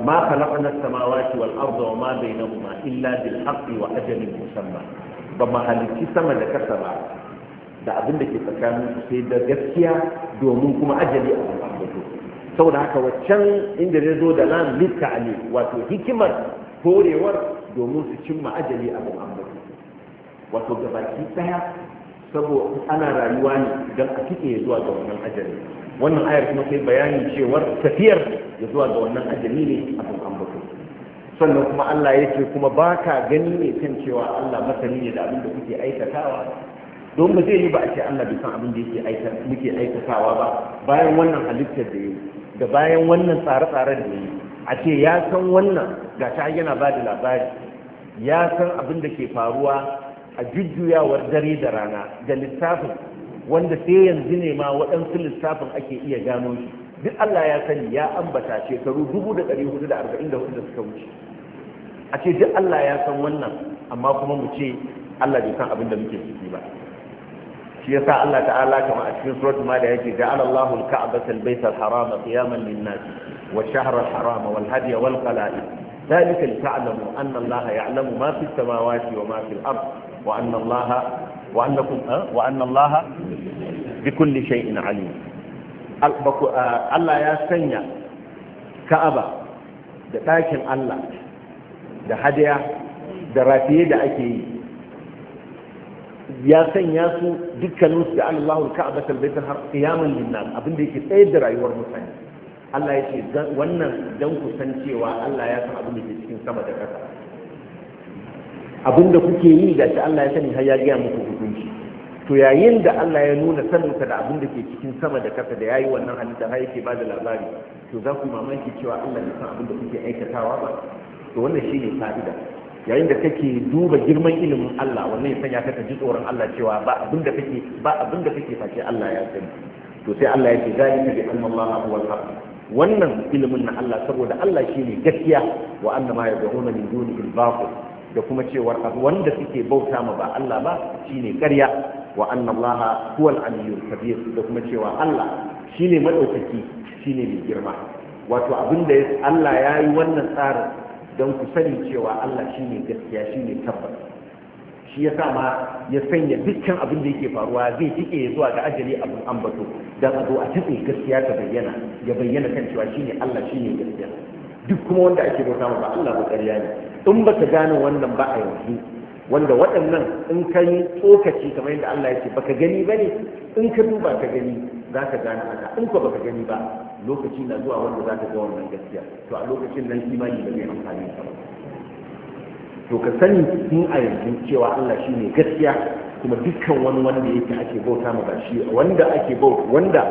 ma khalaqna as-samawati wal arda wa ma bainahuma illa bil haqqi wa ajalin musamma ba ma halitti sama da kasa ba da abin da ke tsakanin su sai da gaskiya domin kuma ajali a wani abu saboda haka waccan inda zai zo da nan litta ali wato hikimar horewar domin su cimma ajali a wani abu wato gabaki daya saboda ana rayuwa ne don a kike zuwa ga wannan ajali wannan ayar kuma sai bayanin cewar tafiyar ya zuwa ga wannan ajali ne a kan ambato sannan kuma Allah ya ce kuma baka gani ne kan cewa Allah masani ne da abin da kuke aikatawa don ba zai yi ba a ce Allah bai san abin da yake aika muke aikatawa ba bayan wannan halittar da yi da bayan wannan tsare-tsaren da yi a ce ya san wannan ga ta yana ba da labari ya san abin da ke faruwa a jujjuyawar dare da rana da lissafin wanda sai yanzu ne ma waɗansu lissafin ake iya gano shi duk Allah ya sani ya ambata shekaru dubu da ɗari hudu da arba'in da hudu da suka wuce a ce duk Allah ya san wannan amma kuma mu ce Allah bai san abin da muke ciki ba shi yasa Allah ta'ala kama a cikin suratul maida yake ja'ala Allahu al-ka'bata al al-harama qiyaman lin-nas wa ash al-harama wal-hadiya wal-qala'id ذلك لتعلموا أن الله يعلم ما في السماوات وما في الأرض وأن الله وأنكم وأن الله بكل شيء عليم Allah ya sanya Ka'aba da ɗakin Allah da hadiya da rafiye da ake yi ya sanya su dukkanin su ya'an Allahu al-Ka'ba al-Bayt al-Haram qiyaman lin abin da yake tsayar da rayuwar mutane Allah ya ce wannan dan ku san cewa Allah ya san abin da ke cikin sama da ƙasa abin da kuke yi da shi Allah ya sani har ya gaya muku hukunci to yayin da Allah ya nuna saninka da abin da ke cikin sama da ƙasa da yayi wannan halitta har yake ba da labari to za ku mamaki cewa Allah ya san abin da kuke aikatawa ba to wannan shine fa'ida yayin da kake duba girman ilimin Allah wannan ya sanya ka ta ji tsoron Allah cewa ba abin da kake ba abin da kake face Allah ya sani to sai Allah ya ce zalika bi anna Allah huwa al-haq wannan ilimin na Allah saboda Allah shine gaskiya wa anna ma yad'una min duni al baqi da kuma cewar wanda suke bauta ma ba Allah ba shine ƙarya wa anna Allah huwa al al kabir da kuma cewa Allah shine madaukaki shine mai girma wato abin da Allah ya yi wannan tsarin don ku sani cewa Allah shi ne gaskiya shi ne tabbas shi ya sa ma ya sanya dukkan abin da yake faruwa zai tike zuwa ga ajali abin ambato don a zo a tafi gaskiya ta bayyana ya bayyana kan cewa shi ne Allah shi ne gaskiya duk kuma wanda ake bauta ba Allah ba ƙarya ne in ba ka gane wannan ba a yanzu wanda waɗannan in ka yi tsokaci kamar yadda Allah ya ce baka gani ba ne in ka duba ka gani za ka gane haka in ba ka gani ba lokaci na zuwa wanda za ka ga wannan gaskiya to a lokacin nan imani da zai amfani ka ba to ka sani mun a yanzu cewa Allah shi ne gaskiya kuma dukkan wani wanda yake ake bauta ma ba shi wanda ake bauta wanda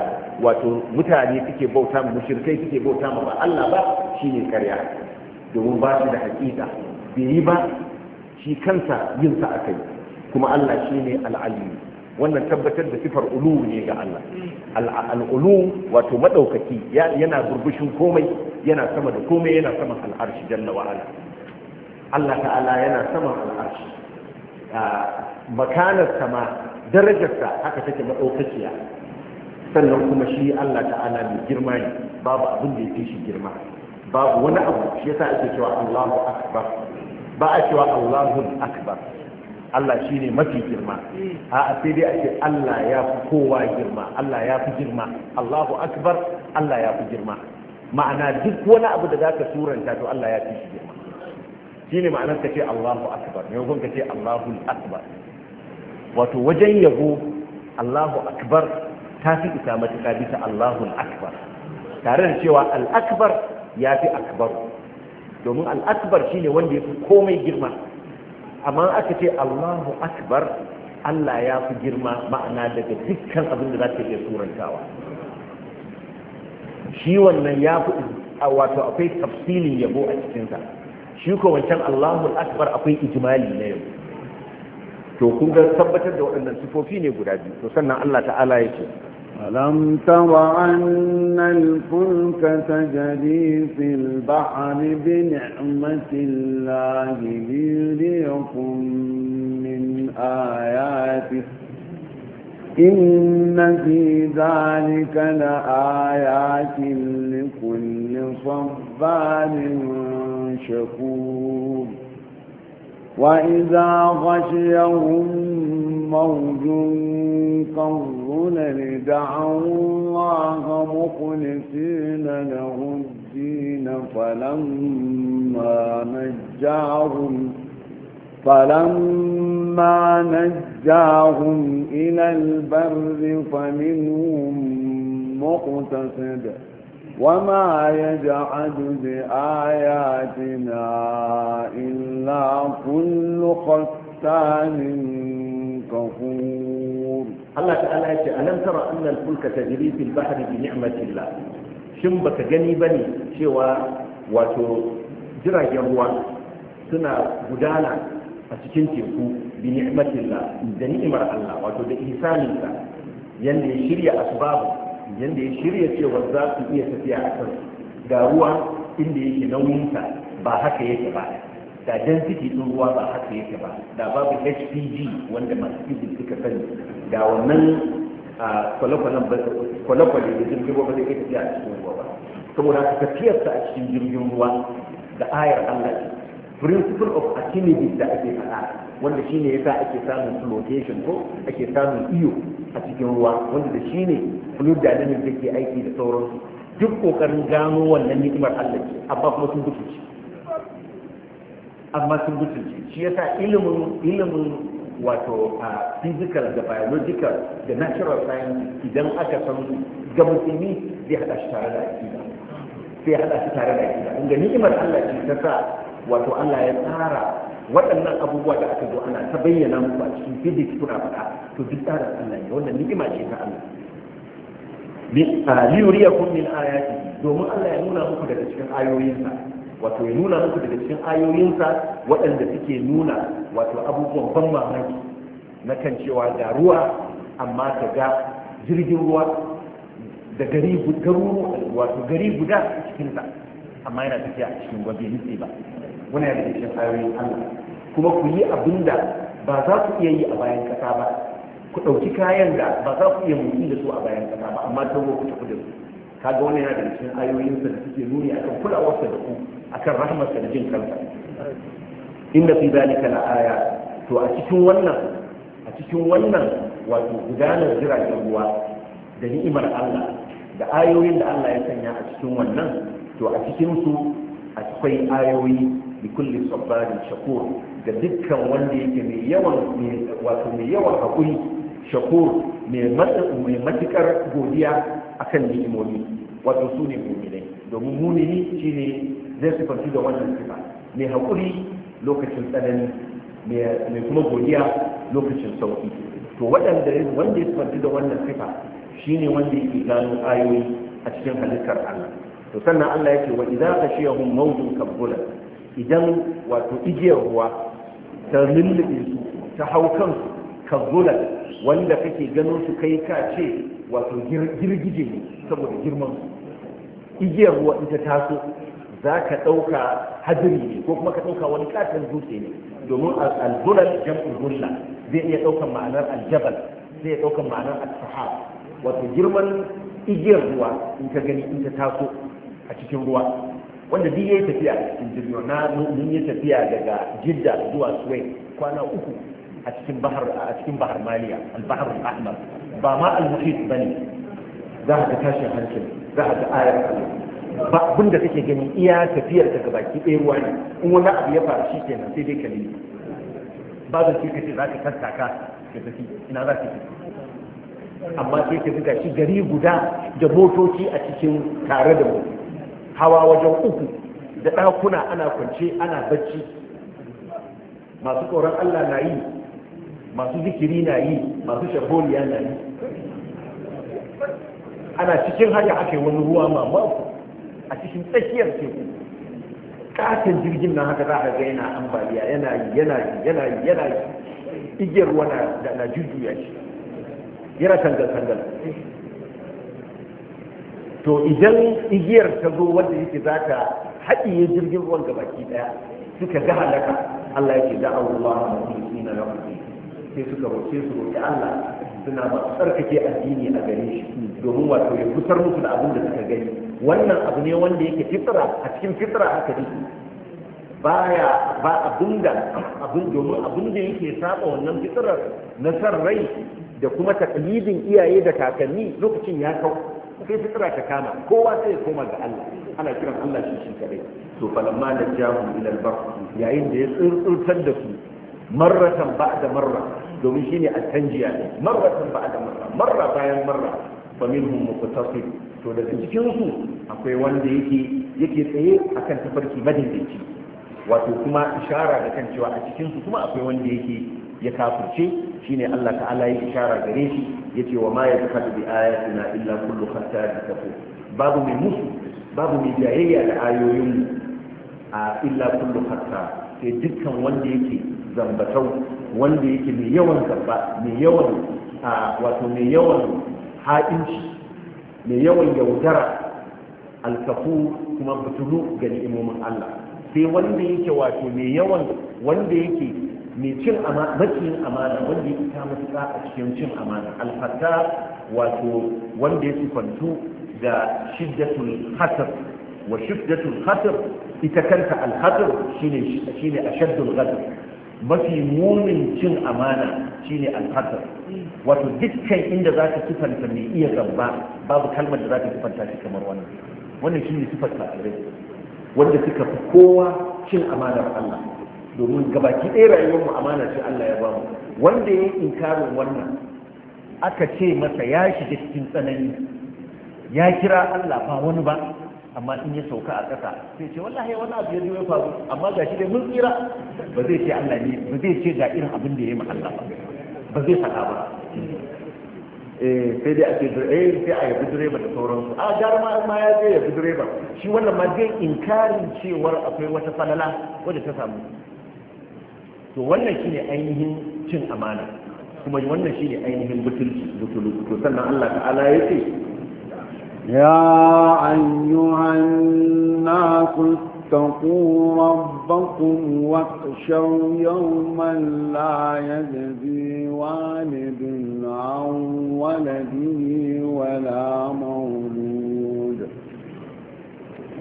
wato mutane suke bauta ma mushrikai suke bauta ma ba Allah ba shine karya domin ba shi da hakika bai yi ba shi kansa yin sa akai kuma Allah shine ne alim wannan tabbatar da sifar ulu ne ga Allah al'ulu wato madaukaki yana burbushin komai yana sama da komai yana saman al'arshi jalla wa ala Allah ta'ala yana saman al'arshi ah, makanar sama darajarsa haka take madaukakiya sannan kuma shi Allah ta'ala mai girma ne babu abin da yake shi girma babu wani abu shi yasa ake cewa Allahu akbar ba a cewa Allahu akbar Allah shi ne mafi girma a sai dai ake Allah ya fi kowa girma Allah ya fi girma Allahu akbar Allah ya fi girma ma'ana duk wani abu da zaka suranta to Allah ya fi shi girma ma'anar ka ce Allahu akbar ne ka ce Allahu akbar wato wajen yabo Allahu akbar ta fi isa matuƙa bisa Allahu akbar tare da cewa al akbar ya fi akbar domin al akbar shine wanda ya fi komai girma amma aka ce Allahu akbar Allah ya fi girma ma'ana daga dukkan abin da za iya surantawa shi wannan ya fi wato akwai tafsilin yabo a cikinsa shi ko wancan Allahu akbar akwai ijmali na yau to kun ga tabbatar da waɗannan sifofi ne guda biyu to sannan Allah ta'ala ya ce ألم تر أن الفلك تجري في البحر بنعمة الله ليريكم من آياته إن في ذلك لآيات لكل صبار شكور وإذا غشيهم موج كالظلل دعوا الله مخلصين له الدين فلما نجاهم فلما نجاهم إلى البر فمنهم مقتصد وما يجعل بآياتنا إلا كل ختان كفور الله تعالى ألم ترى أن الفلك تجري في البحر بنعمة الله shin baka gani ne cewa wato jiragen ruwa suna gudana a cikin teku bi ni'matillah da ni'imar Allah wato da ihsaninsa yanda ya shirya asbabu yadda ya shirya cewa za su iya tafiya a kan ga ruwa inda yake nauyinsa ba haka yake ba da density ɗin ruwa ba haka yake ba da babu hpg wanda masu fizik suka sani da wannan kwale-kwale da jirgin ruwa ba zai tafiya a cikin ruwa ba saboda haka tafiyarsa a cikin jirgin ruwa da ayar allah principle of activities da ake faɗa wanda shine yasa ake samun flotation ko ake samun iyo a cikin ruwa wanda da shine fluid dynamics ke aiki da sauransu duk kokarin gano wannan ni'imar Allah ce amma kuma sun butulci amma sun butulci shi yasa ilimin ilimin wato a physical da biological da natural science idan aka san ga musulmi zai hada shi tare da aiki sai hada shi tare da aiki ga ni'imar Allah ce ta sa wato Allah ya tsara waɗannan abubuwa da aka zo ana ta bayyana muku a cikin fidik suna faɗa to duk tsara Allah ne wannan ni'ima ce ta Allah kun min ayati domin Allah ya nuna muku daga cikin ayoyinsa wato ya nuna muku daga cikin ayoyinsa waɗanda suke nuna wato abubuwan ban mamaki na kan cewa ga ruwa amma ka ga jirgin ruwa da gari wato gari guda cikinsa amma yana tafiya a cikin gwabi nutse ba muna da ke ayoyin Allah kuma ku yi abin da ba za ku iya yi a bayan kasa ba ku ɗauki kayan da ba za ku iya mutsi da su a bayan kasa ba amma ta ku tafi da su kaga wannan yana da cikin ayoyinsa da suke nuni akan kulawarsa da ku akan rahmarsa da jin kansa inda fi zalika la aya to a cikin wannan a cikin wannan wato gudanar jiragen ruwa da ni'imar Allah da ayoyin da Allah ya sanya a cikin wannan to a cikin su akwai ayoyi likulli sabbarin shakur ga dukkan wanda yake mai yawan wato mai yawan hakuri shakur mai matukar godiya akan ni'imomi wato su ne mu'minai domin mu'mini shine zai sifanci da wannan sifa mai hakuri lokacin tsanani mai kuma godiya lokacin sauki to waɗanda wanda ya sifanci da wannan sifa shine wanda yake gano ayoyi a cikin halittar Allah to sannan Allah yake wa idza khashiyahum mawjun kabula idan wato igiyar ruwa ta lullube su ta hau kansu ka zula wanda kake ganin su kai ka ce wato girgije ne saboda girman su igiyar ruwa ita taso za ka ɗauka hadiri ne ko kuma ka ɗauka wani katon dutse ne domin al-zulal jam'ul gulla zai iya ɗaukar ma'anar aljabal zai iya ɗaukar ma'anar al-sahab wato girman igiyar ruwa in ka gani in ta taso a cikin ruwa wanda duk yayi tafiya cikin jirgin na mun yi tafiya daga jidda zuwa suwai kwana uku a cikin bahar a cikin bahar maliya al-bahr al-ahmar ba ma al-muhit bane za ka tashin hankali za ka ayar Allah ba abin da kake gani iya tafiyar ka ga baki ɗaya ruwa ne in wani abu ya faru shikenan sai dai ka ne ba zan ce ka ce za ka tattaka ka tafi ina za ka tafi amma sai ka zuga shi gari guda da motoci a cikin tare da motoci hawa wajen uku da ɗakuna ana kwance ana bacci masu tsoron Allah na yi masu zikiri na yi masu shaboliya na yi ana cikin hanya ake wani ruwa mamaku a cikin tsakiyar teku katin jirgin na haka za a ga yana ambaliya yana yi yana yi yana yi yana yi igiyar ruwa na jujjuya yana tangal-tangal to idan igiyar ta zo wanda yake za ta haɗiye jirgin ruwan ga baki ɗaya suka ga halaka Allah yake da a musulmi na lafi sai suka roƙe su roƙe Allah suna ba tsarkake addini a gare shi domin wato ya kusar musu da abin da suka gani wannan abu ne wanda yake fitra a cikin fitra haka ne baya ba abin da abin domin abin da yake saba wannan fitrar na san rai da kuma taklidin iyaye da kakanni lokacin ya kawo. sai fitira ta kama kowa sai ya koma ga Allah ana kiran Allah shi shi kadai to falamma najahum ila al yayin da ya tsirtsar da su marratan ba'da marra domin shine at-tanjiya ne marratan ba'da marra marra bayan marra fa minhum muqtasid to daga cikin su akwai wanda yake yake tsaye akan tafarki madaidaici wato kuma ishara da kan cewa a cikin su kuma akwai wanda yake ya kafirce ne Allah ta'ala ya ishara gare shi ya ce wa ma ya yadhkatu bi ayatina illa kullu khattarin kafur babu mai musu babu mai jayayya da ayoyin a illa kullu khattar sai dukkan wanda yake zambatau wanda yake mai yawan zamba mai yawan wato mai yawan ha'inci mai yawan yaudara alkafu kuma butulu ga ni'imomin Allah sai wanda yake wato mai yawan wanda yake mai cin amana maciyin amana wanda ya fita matuƙa a cikin cin amana alfata wato wanda ya sifantu da shiddatul hasar wa shiddatul hasar ita kanta alhasar shine a ashaddul ghadab mafi munin cin amana shine alhasar wato dukkan inda za ka mai iya gaba babu kalmar da za ka sifanta shi kamar wannan wannan shine sifar kafirai wanda suka fi kowa cin amanar Allah domin gabaki ɗaya rayuwar mu amana ce Allah ya bamu wanda ya inkarin wannan aka ce masa ya shiga cikin tsanani ya kira Allah ba wani ba amma in ya sauka a ƙasa sai ce wallahi wani abu ya zo ya faru amma ga shi dai mun tsira ba zai ce Allah ne ba zai ce ga irin abin da ya yi Allah ba ba zai saka ba eh, sai dai a ce eh sai a yabi direba da sauransu a gar ma ma ya je yabi direba shi wannan ma zai inkarin cewar akwai wata falala wadda ta samu to wannan shine ainihin cin amana kuma wannan shine ainihin butulci butulu to sannan Allah ta'ala ce. ya ayyuhan nasu اتقوا ربكم واخشوا يوما لا يجزي والد عن ولده ولا مولود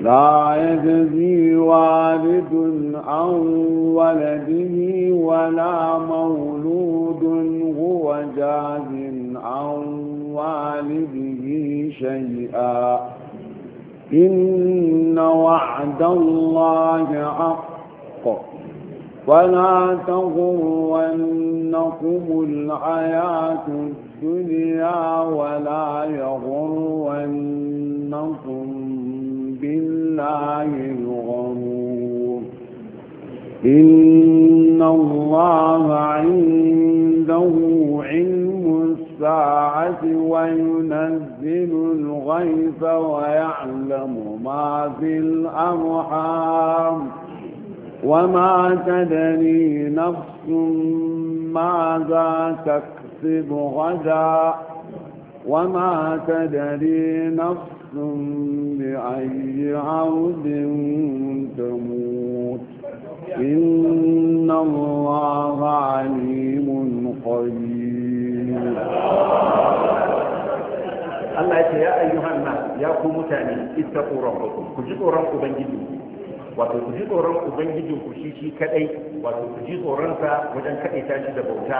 لا يجزي والد عن ولده ولا مولود هو جاز عن والده شيئا إن وعد الله حق فلا تغرنكم الحياة الدنيا ولا يغرنكم بالله الغرور إن الله عنده علم الساعة وينزل الغيث ويعلم ما في الأرحام وما تدري نفس ماذا تكسب غدا وما تدري نفس بأي عود تموت إن الله عليم قدير Allah ya ce ya ayyuhan nas ya ku mutane ittaqu rabbakum ku ji tsoron ubangiji wato ku ji tsoron ubangiji ku shi shi kadai wato ku ji tsoron sa wajen kadai tashi da bauta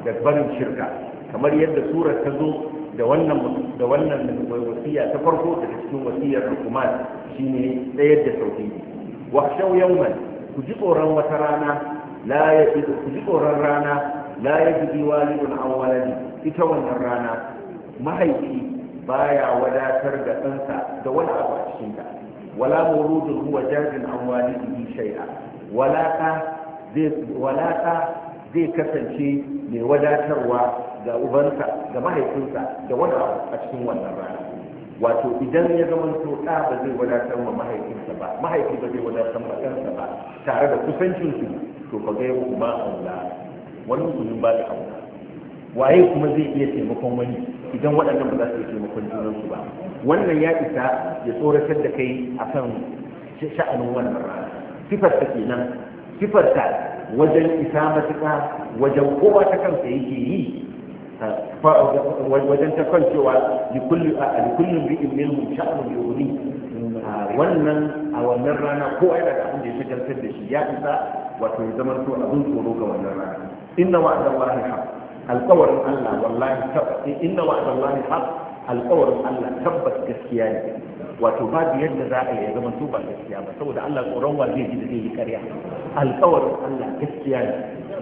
da barin shirka kamar yadda surar ta zo da wannan da wannan wasiya ta farko da cikin wasiyar hukumar shine tsayar da tauhidi wa shaw yawman ku ji tsoron wata rana la ya ku ji tsoron rana la ya ji walidun an waladi ita wannan rana mahaifi baya wadatar da ɗansa da wani abu a cikinta wala murudun huwa jazin an walidihi shay'a wala ka zai wala ka zai kasance mai wadatarwa ga ubansa ga mahaifinsa da wani abu a cikin wannan rana wato idan ya zama to ɗa ba zai wadatar ma mahaifinsa ba mahaifi ba zai wadatar ma kansa ba tare da su to ka gaya a Allah wani musulmin ba da auna waye kuma zai iya taimakon wani idan waɗannan ba za su iya taimakon junansu ba wannan ya isa ya tsoratar da kai akan sha'anin wannan rana sifar ta kenan sifar ta wajen isa matuƙa wajen kowa ta kansa yake yi wajen ta kan cewa likullin ri'in minhum sha'nun yughni wannan a wannan rana ko ai da abin da ya shagaltar da shi ya isa wato ya zama to abin tsoro ga wannan rana inna wa'ada Allahi haq alqawarin Allah wallahi tabbas eh, inna wa'ada Allahi haq alqawarin Allah tabbas gaskiya ne wato babu yadda za a yi ya zama to ba gaskiya ba saboda Allah tsoron wa zai ji da zai yi ƙarya alqawarin Allah gaskiya ne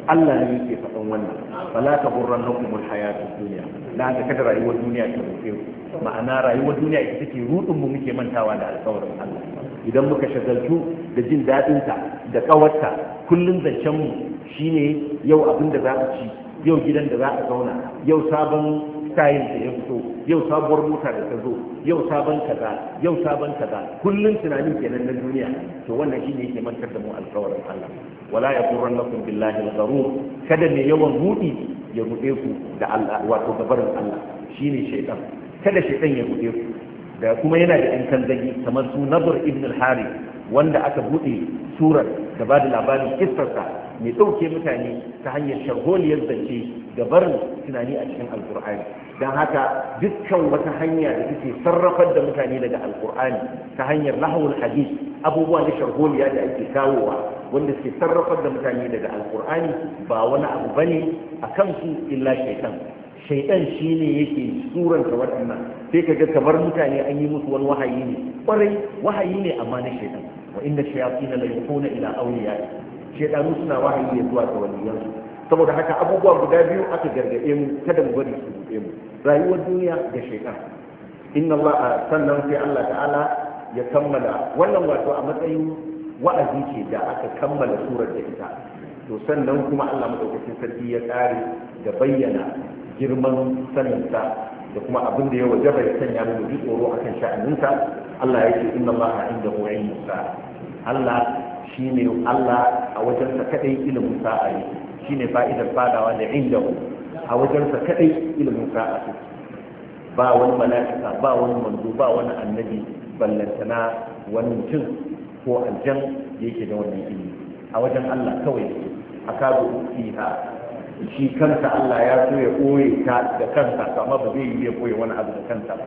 Allah ne yake faɗin wannan fala ta gurran hukumul hayatul duniya na ga kada rayuwar duniya ta rufe ma'ana rayuwar duniya ita take rudin mu muke mantawa da alƙawarin Allah idan muka shagaltu da jin daɗin ta da kawarta kullun zancen mu shine yau abin da za a ci yau gidan da za a zauna yau sabon tayin da ya fito yau sabuwar mota da ta zo yau sabon kaza yau sabon kaza kullum tunanin kenan na duniya to wannan shine yake mantar da mu alƙawarin Allah wala yaghurrannakum billahi al-gharur kada ne yawan rudi ya rude ku da Allah wato gabarin Allah shine shaytan kada shaytan ya rude ku da kuma yana da kan kanzagi kamar su nazar ibn al-harith wanda aka buɗe surar da ba da labarin kistarsa mai ɗauke mutane ta hanyar sharholiyar zance da barin tunani a cikin alkur'ani don haka dukkan wata hanya da take sarrafar da mutane daga alkur'ani ta hanyar lahawul hadis abubuwa na sharholiya da ake kawowa wanda suke sarrafar da mutane daga alkur'ani ba wani abu bane a kansu illa shaitan shaitan shi ne yake suranta waɗannan sai ka ga kamar mutane an yi musu wani wahayi ne ƙwarai wahayi ne amma na shaitan wa inna na la yuhuna ila awliya Shaiɗanu suna wahayi ne zuwa ga waliyan saboda haka abubuwa guda biyu aka gargade mu kada mu bari su buɗe mu rayuwar duniya da shaytan inna Allah sannan sai Allah ta'ala ya kammala wannan wato a matsayin wa'azi ce da aka kammala surar da ita to sannan kuma Allah madaukakin sarki ya ƙare da bayyana girman saninsa da kuma abin da ya wajaba ya sanya mu ji tsoro akan sha'aninsa Allah ya ce inna Allah inda hu ilmu sa'a Allah shine Allah a wajen sa kadai ilimin sa'a ne shine fa'idar fadawa da inda hu a wajen sa kadai ilimin sa'a ba wani mala'ika ba wani manzo ba wani annabi ballantana wani mutum ko aljan yake da wannan ilimi a wajen Allah kawai akabu fiha shi kanta Allah ya so ya koye ta da kansa amma ba zai yi ya koye wani abu da kanta ba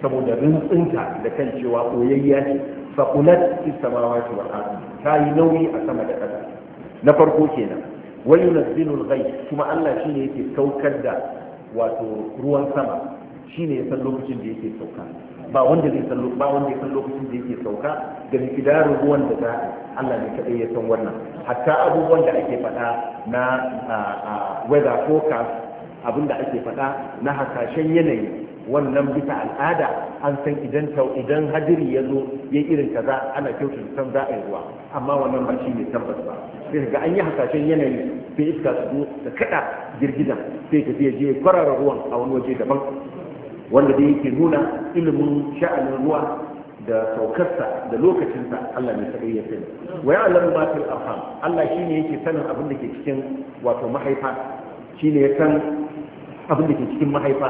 saboda rintsinta da kan cewa ɓoyayya ce faqulat fi samawati wal ardi ta yi nauyi a sama da ƙasa na farko kenan wa yunzilu al kuma Allah shine yake saukar da wato ruwan sama shine ya san lokacin da yake sauka ba wanda zai san ba wanda ya san lokacin da yake sauka da mikidarin ruwan da za Allah ne kadai ya san wannan hatta abubuwan da ake faɗa na weather forecast abinda ake faɗa na hasashen yanayi wannan bita al'ada an san idan idan hadiri ya zo ya irin kaza ana kyautu da san za yi ruwa amma wannan ba shi ne tabbas ba sai ga an yi hasashen yanayi sai iska su zo da kada girgidan sai tafiya je kwarara ruwan a wani waje daban wanda dai yake nuna ilimin sha'anin ruwa da saukarsa da lokacinsa Allah mai kadai ya sani wa ya'lamu ma fil arham Allah shine yake sanin abin da ke cikin wato mahaifa shine ya san abin da ke cikin mahaifa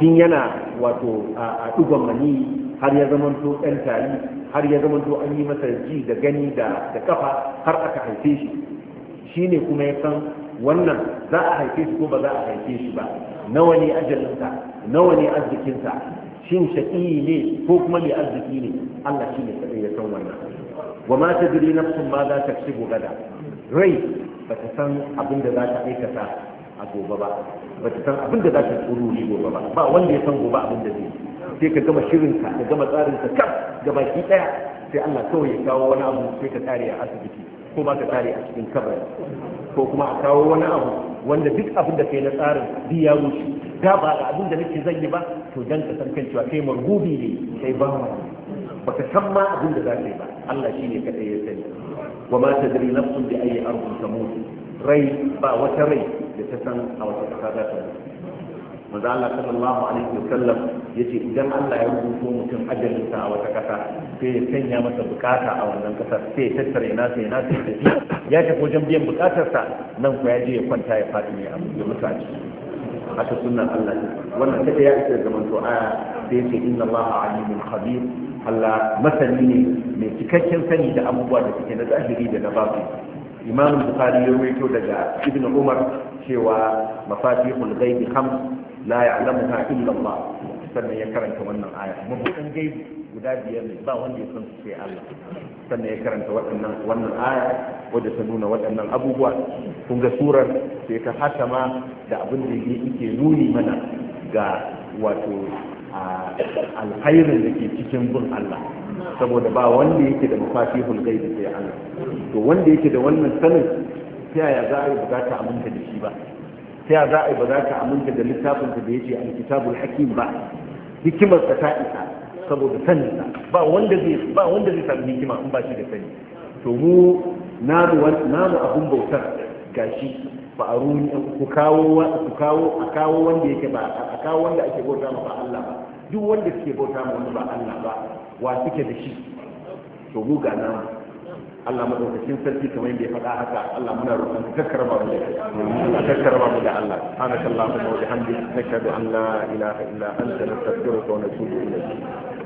tun yana wato a dugon mani har ya zamanto ɗan tari har ya zamanto an yi masa ji da gani da kafa har aka haife shi shi ne kuma ya san wannan za a haife shi ko ba za a haife shi ba nawa ne ajalinsa nawa ne arzikinsa shin shaƙi ne ko kuma mai arziki ne Allah shi ne kaɗai ya san wannan wa ma ta jiri nafsun ma za ta ci gada rai ba ta san abin da za ta aikata a gobe ba ba ta san abin da za ta tsururi gobe ba ba wanda ya san gobe abin da zai sai ka gama shirinka ka gama tsarinka kaf gabaki ɗaya sai Allah kawai ya kawo wani abu sai ka tsare a asibiti ko ba ka tare a cikin kabari ko kuma a kawo wani abu wanda duk abin da kai na tsarin biya wuce da ba ga abin da nake zan yi ba to dan ka san kan cewa kai marhubi ne kai ba ba ka san ma abin da za ka yi ba Allah shi ne kaɗai ya sani wa ma tadri nafsun bi ayi ardin tamut rai ba wata rai da ta san a wata ƙasa za ta mutu manzo Allah sallallahu alaihi wa yace idan Allah ya rubuto mutum ajalin sa a wata kasa sai ya sanya masa bukata a wannan kasa sai ya tattare na sai na sai ya tafi wajen biyan bukatarsa nan ko ya je ya kwanta ya faɗi ne a mutu a ciki a ta sunnar Allah wannan kada ya isa zaman to aya da yake inna Allah alimun khabir Allah masani ne mai cikakken sani da abubuwa da suke na zahiri da na babu imam bukhari ya rawaito daga ibn umar cewa mafatihul ghaibi khams la ya'lamuha illa Allah sannan ya karanta wannan aya mabudin gaibi guda biyar ne ba wanda ya san su sai Allah sannan ya karanta waɗannan wannan aya wadda ta nuna waɗannan abubuwa kun ga surar sai ta hatama da abin da yake nuni mana ga wato alkhairin da ke cikin bin Allah saboda ba wanda yake da mafatihul da sai Allah to wanda yake da wannan sanin ta yaya za a yi bukata aminta da shi ba ta yaya za a yi ba za ka aminta da littafin da ya ce alkitabul hakim ba hikimar ta isa saboda sani ba wanda zai ba wanda zai sami hikima in ba shi da sani to mu namu namu abun bautar gashi ba a runi ku kawo ku kawo a kawo wanda yake ba a kawo wanda ake bauta ma ba Allah ba duk wanda suke bauta ma wanda ba Allah ba wa suke da shi to mu ga namu Allah madaukakin sarki kamar yadda ya faɗa haka Allah muna roƙon ka ba mu da Allah ka ba mu da Allah subhanahu wa ta'ala wa bihamdihi nashhadu an la ilaha illa anta nastaghfiruka wa natubu ilayk